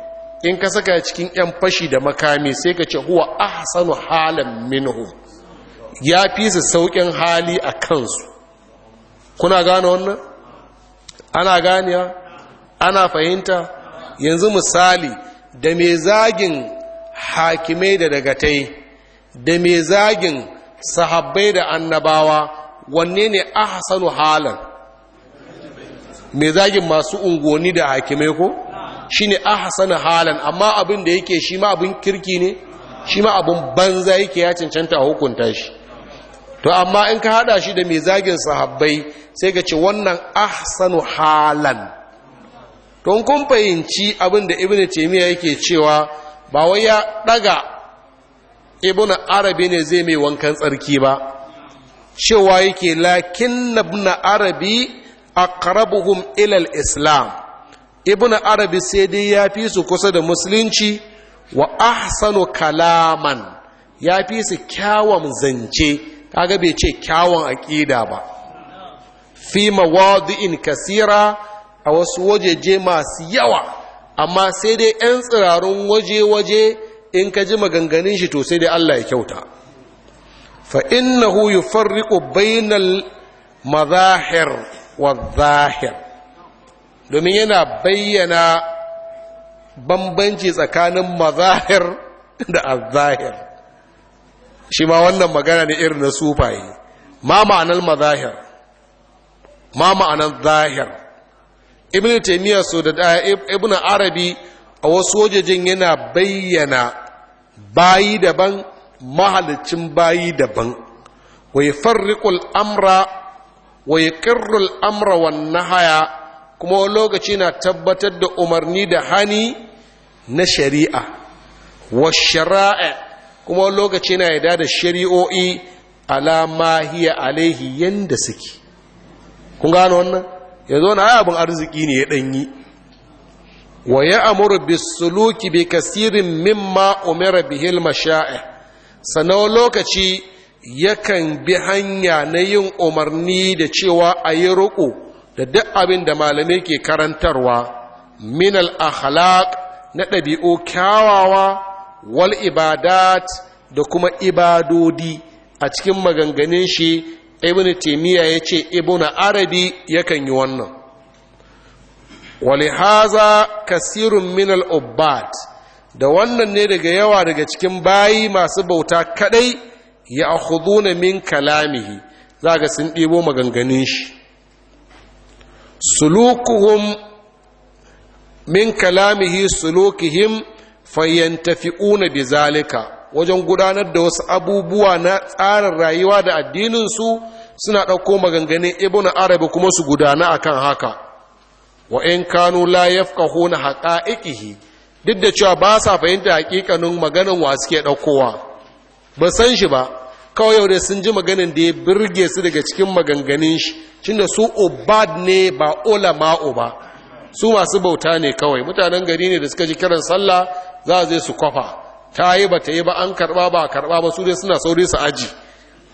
[SPEAKER 1] in ka saka cikin 'yan fashi da makami sai ka ce huwa ahsanu halan minhum ya fi su sauƙin hali a kansu kuna gane wannan ana ganiya ana fahimta yanzu misali da mai zagin hakimai da dagatai da mai zagin sahabbai da annabawa wanne ne ahsanu halan mai zagin masu unguwanni da hakimai ko shine ahsana halan amma abin da yake shi ma abin kirki ne shi ma abin banza yake ya cancanta a hukunta shi to amma in ka hada shi da mai zagin sahabbai sai ka ce wannan ahsanu halan to kun fahimci abin da ibnu taymiya yake cewa ba wai ya daga ibnu arabi ne zai mai wankan tsarki ba cewa yake lakin ibnu arabi aqrabuhum ila al-islam ibn arabi sai dai ya fi su kusa da musulunci wa ahsanu kalaman ya fi su kyawun zance kaga bai ce kyawun aƙida ba fi mawadi'in kasira a wasu wajeje masu yawa amma sai dai 'yan tsirarun waje-waje in ka ji maganganun shi to sai dai Allah ya kyauta fa innahu farriko bainal mazahir wa zahir domin yana bayyana bambanci tsakanin mazahir da azahir shi ma wannan magana ne irin na sufaye ma ma'anar mazahir ma ma'anar zahir ibn taimiyya so da ibn arabi a wasu wajejin yana bayyana bayi daban mahalicin bayi daban wai farriƙul amra wai ƙirrul amra wannan haya kuma wani lokaci na tabbatar da umarni da hani na shari'a wa shari'a kuma wani lokaci na yada da shari'o'i alama hiya alaihi yanda suke kun gano wannan ya zo na abin arziki ne ya ɗanyi wa ya amuru bisuluki bi kasirin mimma umara bihil masha'a sannan wani lokaci yakan bi hanya na yin umarni da cewa a yi riƙo da duk abin da malamai ke karantarwa minal al na ɗabi'u kyawawa wal ibadat da kuma ibadodi a cikin maganganun shi ibn ya ce ibn arabi yakan yi wannan walihaza kasirun minal al da wannan ne daga yawa daga cikin bayi masu bauta kadai ya akhuduna min kalamihi zaga sun ɗebo maganganun shi sulukuhum min kalamihi sulukihim fayyantafi'una bi wajen gudanar da wasu abubuwa na tsarin rayuwa da addininsu suna ɗauko maganganun ibn arabi kuma su gudana akan haka wa in kanu la yafqahuna haqa'iqihi duk da cewa ba sa fahimta hakikanin maganin wa suke ɗaukowa ba san shi ba kawai yau da sun ji maganin da ya birge su daga cikin maganganun shi cin da su obad ne ba olama'o ba su masu bauta ne kawai mutanen gari ne da suka ji kiran sallah za a zai su kwafa ta yi ba ta yi ba an karba ba a karba ba su dai suna sauri su aji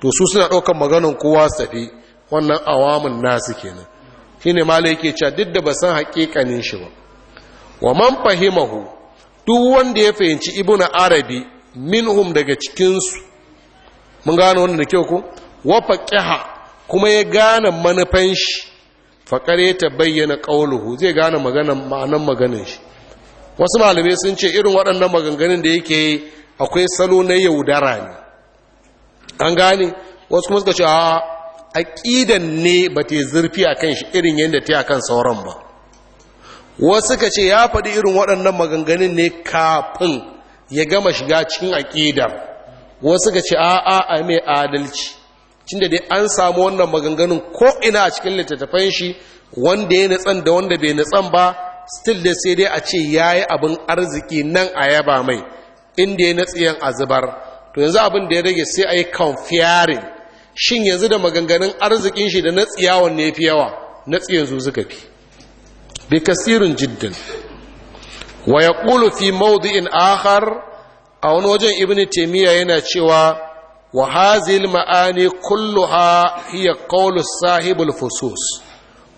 [SPEAKER 1] to su suna ɗaukan maganin kowa su tafi wannan awamin nasu kenan shi ne malai ke cewa duk da ba san haƙiƙanin shi ba wa man fahimahu duk wanda ya fahimci ibnu arabi minhum daga cikinsu mun gane wannan da kyau ko wafa faqiha kuma ya gane manufan shi ta bayyana ƙauluhu zai gane magana ma'anan maganin shi wasu malamai sun ce irin waɗannan maganganun da yake akwai salo na yaudara ne an gane wasu kuma suka ce a aƙidan ne ba ta zurfi kan shi irin yadda ta kan sauran ba wasu suka ce ya faɗi irin waɗannan maganganun ne kafin ya gama shiga cikin aƙidar wasu ga ce a'a a mai adalci cinda dai an samu wannan maganganun ko ina a cikin littattafan shi wanda ya natsan da wanda bai natsan ba still da sai dai a ce ya yi abin arziki nan a yaba mai inda ya nutsi a zubar to yanzu abin da ya rage sai a yi confiaring shin yanzu da maganganun arzikin shi da natsiyawan ne fi yawa natsiyan yanzu suka fi bi kasirin jiddin wa yaqulu fi mawdi'in akhar a wani wajen ibn taimiyya yana cewa wa hazil ma'ani kulluha hiya qawlu sahibul fusus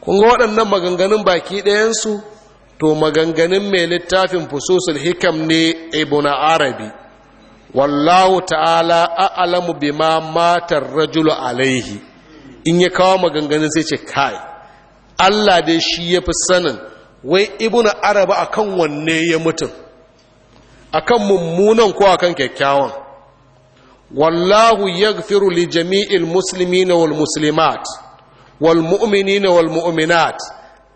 [SPEAKER 1] Kunga waɗannan maganganun baki ɗayansu to maganganun mai littafin fususul hikam ne ibn arabi wallahu ta'ala a'lamu bima matar rajulu alaihi in ya kawo maganganun sai ce kai Allah dai shi ya fi sanin wai ibn arabi akan wanne ya mutum akan mummunan ko akan kyakkyawan wallahu yaghfiru li jami'il muslimina wal muslimat wal mu'minina wal mu'minat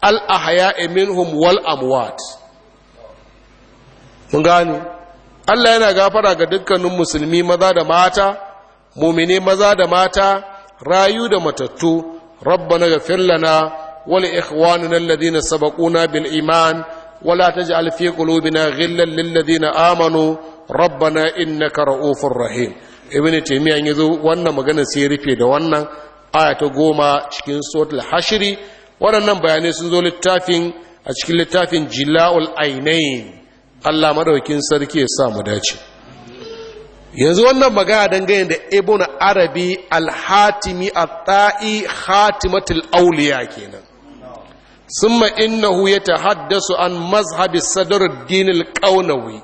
[SPEAKER 1] al ahya'i minhum wal amwat mun gani Allah yana gafara ga dukkanin musulmi maza da mata muminai maza da mata rayu da matattu rabbana ghfir lana wal li ikhwanina alladhina sabaquna bil iman Wala ta ji alfiye kulobina, ɗillel, lilla, dina, amanu, rabana, inna ka ra'o fun wannan magana sai rufe da wannan aya ta goma cikin sotar hashiri. Wadannan bayanai sun zo littafin a cikin littafin jila'ul ainain yin. Allah ma Sarki ya sa mu dace. Yanzu wannan magana danganyan da ibnu arabi alhatimi a tsakin hatima ta aureya kenan. summa innahu ya tahaddasu an mazhabi sadarar al-qaunawi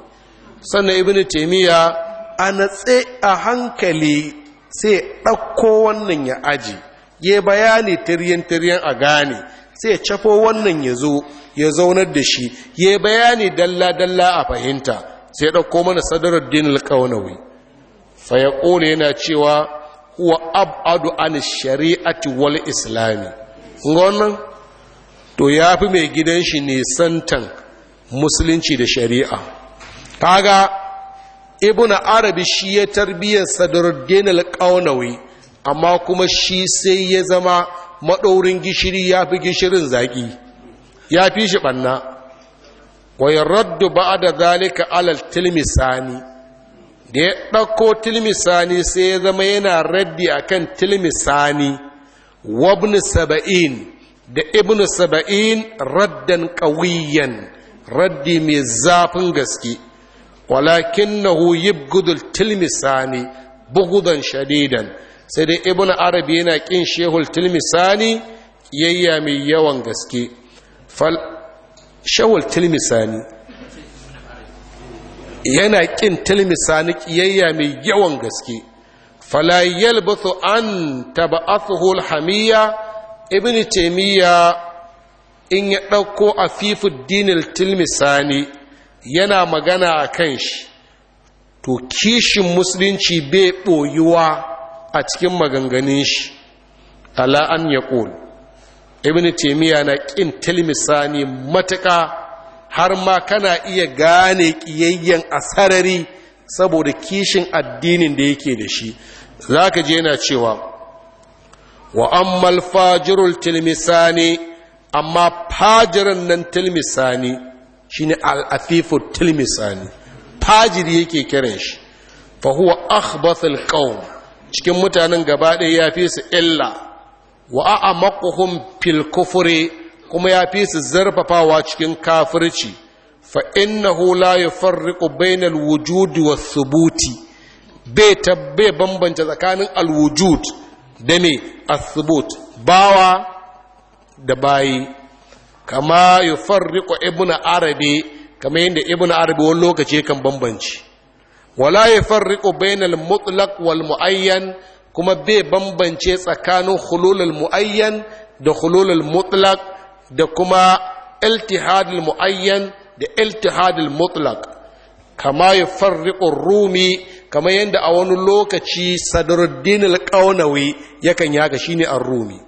[SPEAKER 1] sannan ibn taymiya a natse a hankali sai ɗauko wannan ya aji ya bayani tiryan-tiryan a gane sai cafo wannan ya zo ya zaunar da shi ya bayani dalla-dalla a fahimta sai ɗauko mana sadarar dinar ƙaunawi ya ƙone yana cewa huwa abadu an shari'ati wal islami wannan to ya fi mai gidan shi nisantan musulunci da shari'a kaga ibn arabi shi ya tarbiyyar sadaruddin alƙaunawi amma kuma shi sai ya zama maɗaurin gishiri ya fi gishirin zaƙi ya fi shi ɓanna wayan raddu ba da zalika alal tilmisani da ya ɗauko tilmisani sai ya zama yana raddi a akan tilmisani wabni saba'in da ibn saba'in raddan ƙawiyan raddi mai zafin gaske walakin walakinahu yibgudul tilmisani bugudan shadidan sai da ibn arabi yana ƙin shehul tilmisani yayya mai yawan gaske fal shehul tilmisani yana ƙin tilmisani ƙiyayya mai yawan gaske fala yalbathu an taba'athu alhamiyya ibn taimiyya in ya ɗauko a fifuddinil tilmisani yana magana a kan shi to kishin musulunci bai ɓoyuwa a cikin maganganun shi ala ya ƙol ibn taimiyya na ƙin tilmisani matuƙa har ma kana iya gane ƙiyayyen asarari saboda kishin addinin da yake da shi za ka je yana cewa wa ammal fajirul tilmisani amma fajirin nan tilmisani shine al'afifu tilmisani fajiri yake kiran shi fa huwa akhbathul qawm cikin mutanen gaba ɗaya ya fi su illa wa a fil filkufure kuma ya fi su zarfafawa cikin kafirci fa hula la yufarriqu bayan wujudi wa subuti bai tabbe bambanta tsakanin alwujudu. da me asibut bawa da bayi kama yi farriƙo ibn arabi kama yadda ibn arabi wani lokaci kan bambanci wala yi farriƙo bainal mutlak wal mu'ayyan kuma bai bambance tsakanin hululul mu'ayyan da hululul mutlak da kuma iltihadul mu'ayyan da iltihadul mutlaq kama ya farriƙun rumi kama yadda a wani lokaci sadaruddin alƙaunawi yakan yaga shi ne an rumi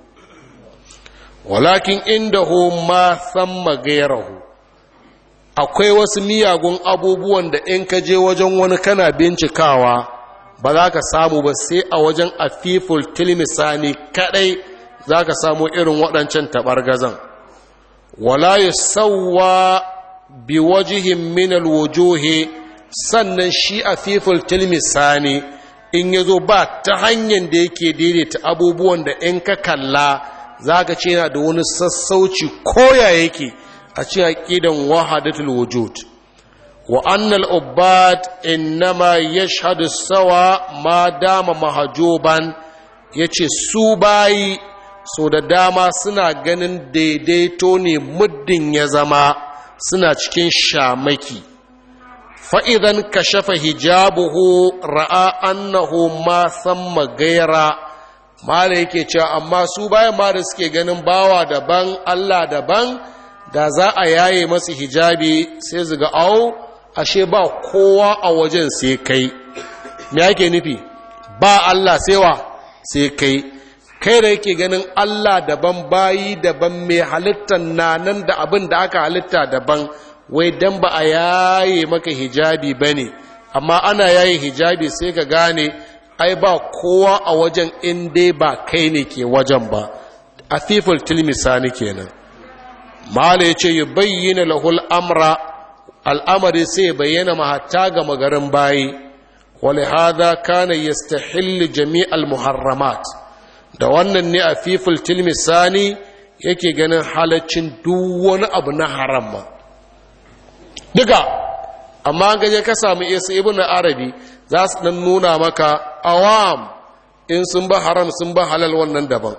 [SPEAKER 1] walakin inda ho ma san magayarahu akwai wasu miyagun abubuwan da in ka je wajen wani kana bincikawa ba za ka samu ba sai a wajen afiful tilmisani kadai za ka samu irin waɗancan taɓargazan wala ya sauwa wajihin minal wujuhi sannan shi a afiful tilmisani in ya zo ba ta hanyar da yake daidaita abubuwan da in ka kalla za ka ce yana da wani sassauci koya yake a ce ƙidan wahadatul wujud wa annal ubbad innama yashhadu sawa ma dama mahajuban yace su bayi so da dama suna ganin daidaito ne muddin ya zama suna cikin shamaki fa'idan ka shafa hijabuhu ra'a annahu ma samma gaira mala yake cewa amma su bayan ma da suke ganin bawa daban allah daban da za a yaye masu hijabi sai zuga au ashe ba kowa a wajen sai kai me ake nufi ba allah saiwa sai kai kai da yake ganin Allah daban bayi daban mai halittar na nan da abin da aka halitta daban wai dan ba a yaye maka hijabi ba ne, amma ana yaye hijabi sai ka gane ai ba kowa a wajen in dai ba kai ne ke wajen ba A afiful tilmisani kenan mala yace ya lahul amra al'amari sai bayyana mahatta ga magarin bayi ولهذا yi stahili jami'al muharramat. da wannan ne a fifil ne yake ganin halaccin duk wani abu na haram duka amma an ganye ka samu isa ibn arabi za su dan nuna maka awam in sun ba haram sun ba halal wannan daban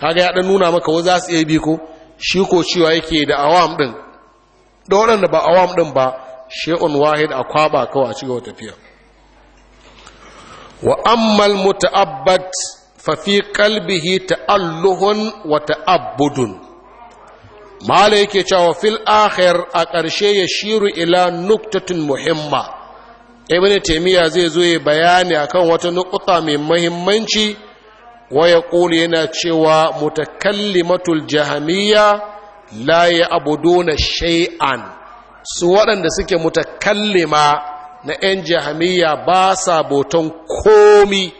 [SPEAKER 1] kaga ya dan nuna maka wa za su iya bi ko shi ko cewa yake da awam din da waɗanda ba awam din ba shi'un wahid a kwaba kawai a cigaba tafiya wa ammal muta'abbad fa fi qalbihi ta'alluhun wa ta'abbudun mala yake cewa fil akhir a ƙarshe ya shiru ila nuktatun muhimma ibn taymiya zai zo ya bayani akan wata nukta mai muhimmanci wa ya yana cewa mutakallimatul jahamiyya la ya'buduna shay'an su waɗanda suke mutakallima na 'yan jahamiyya ba sa boton komi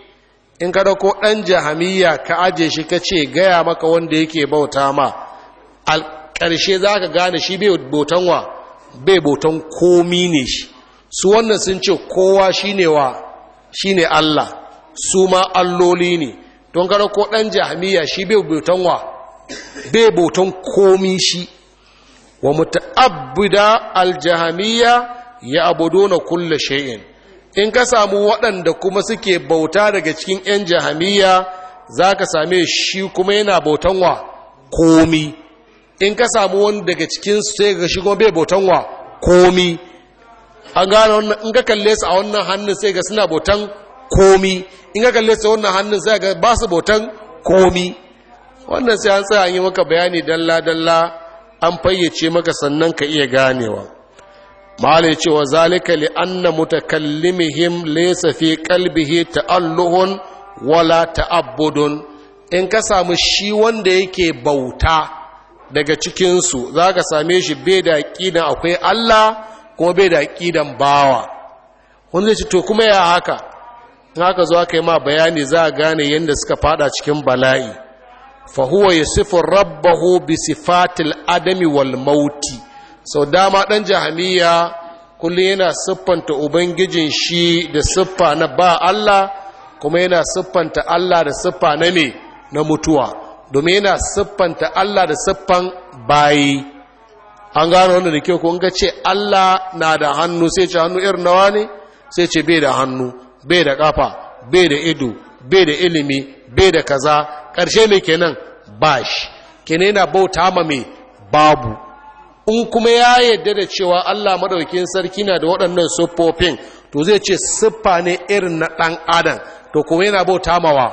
[SPEAKER 1] in ka ko ɗan jahamiyya ka aje shi ka ce gaya maka wanda yake bauta ma ƙarshe za ka gane shi bai botan wa bai botan komi ne shi su wannan sun ce kowa shi ne Allah su ma alloli ne don kada ko ɗan jahamiya shi bai botan wa bai botan komi shi wa muta'abbida aljahamiya ya na kulle sha'in in ka samu waɗanda kuma suke bauta daga cikin 'yan jahamiya za ka same shi kuma yana bautan wa komi in ka samu wani daga cikin su sai ga shigo bai botan wa komi an gane wannan in ka kalle su a wannan hannun sai ga suna botan komi in ka kalle su wannan hannun sai ga ba su botan komi wannan sai an tsaya an yi maka bayani dalla dalla an fayyace maka sannan ka iya ganewa malai cewa zalika li anna mutakallimihim laysa fi qalbihi ta'alluhun wala ta'abbudun in ka samu shi wanda yake bauta daga cikinsu za ka same shi bai da aƙidan akwai Allah kuma bai da aƙidan bawa wanda ce to kuma ya haka in haka zuwa ka yi ma bayani za a gane yadda suka fada cikin bala'i fahuwa ya sifin rabbahu bi sifatil adami wal mauti sau so, dama ɗan jahamiya kullum yana siffanta ubangijin shi da siffa na ba Allah kuma yana siffanta Allah da siffa na ne na mutuwa domin yana siffanta Allah da siffan bayi an gano wanda da kyau kunga ce Allah na da hannu sai ce hannu irin nawa ne sai ce bai da hannu bai da kafa bai da ido bai da ilimi bai da kaza Karshe mai kenan ba shi kenan yana bauta ma mai babu in kuma ya yadda da cewa Allah madaukakin sarki na da waɗannan siffofin to zai ce siffa ne irin na ɗan adam to kuma yana bauta ma wa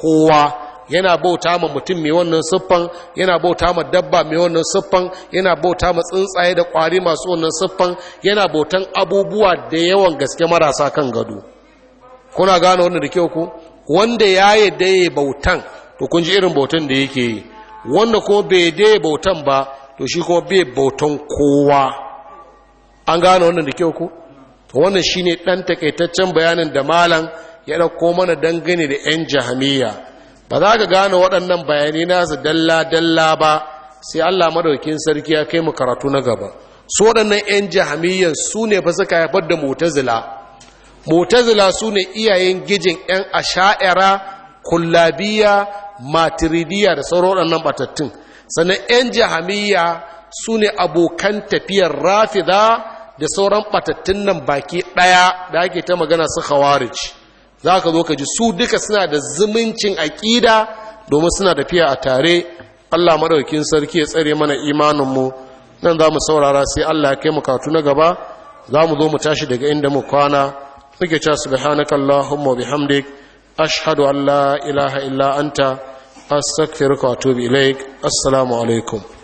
[SPEAKER 1] kowa yana bauta ma mutum mai wannan siffan yana bauta ma dabba mai wannan siffan yana bauta ma tsuntsaye da kwari masu wannan siffan yana bautan abubuwa da yawan gaske marasa kan gado kuna gane wannan da kyau ku wanda ya yadda ya bautan to kun ji irin bautan da yake yi wanda ko bai dai bautan ba to shi ko bai bautan kowa an gane wannan da kyau ku to wannan shine dan takaitaccen bayanin da malam ya dauko mana dangane da yan jahamiya ba za ka gane waɗannan bayanai nasu dalla-dalla ba sai allah maɗaukin sarki ya kai mu karatu na gaba su waɗannan 'yan jahamiyyar su ne fa suka haifar da motazila motazila su ne iyayen gijin 'yan asha'ira kullabiya matiridiya da sauran waɗannan batattun sannan 'yan jahamiyya su ne abokan tafiyar rafida da sauran batattun nan baki ɗaya da ake ta magana su khawarij za ka zo ka ji su duka suna da zumuncin aƙida domin suna tafiya a tare allah maɗaukin sarki ya tsare mana imaninmu nan za mu saurara sai allah ya kai mu katu na gaba za mu zo mu tashi daga inda mu kwana muke cewa subhanaka allahumma bihamdik ashhadu an la ilaha illa anta astaghfiruka wa atubu ilaik assalamu alaikum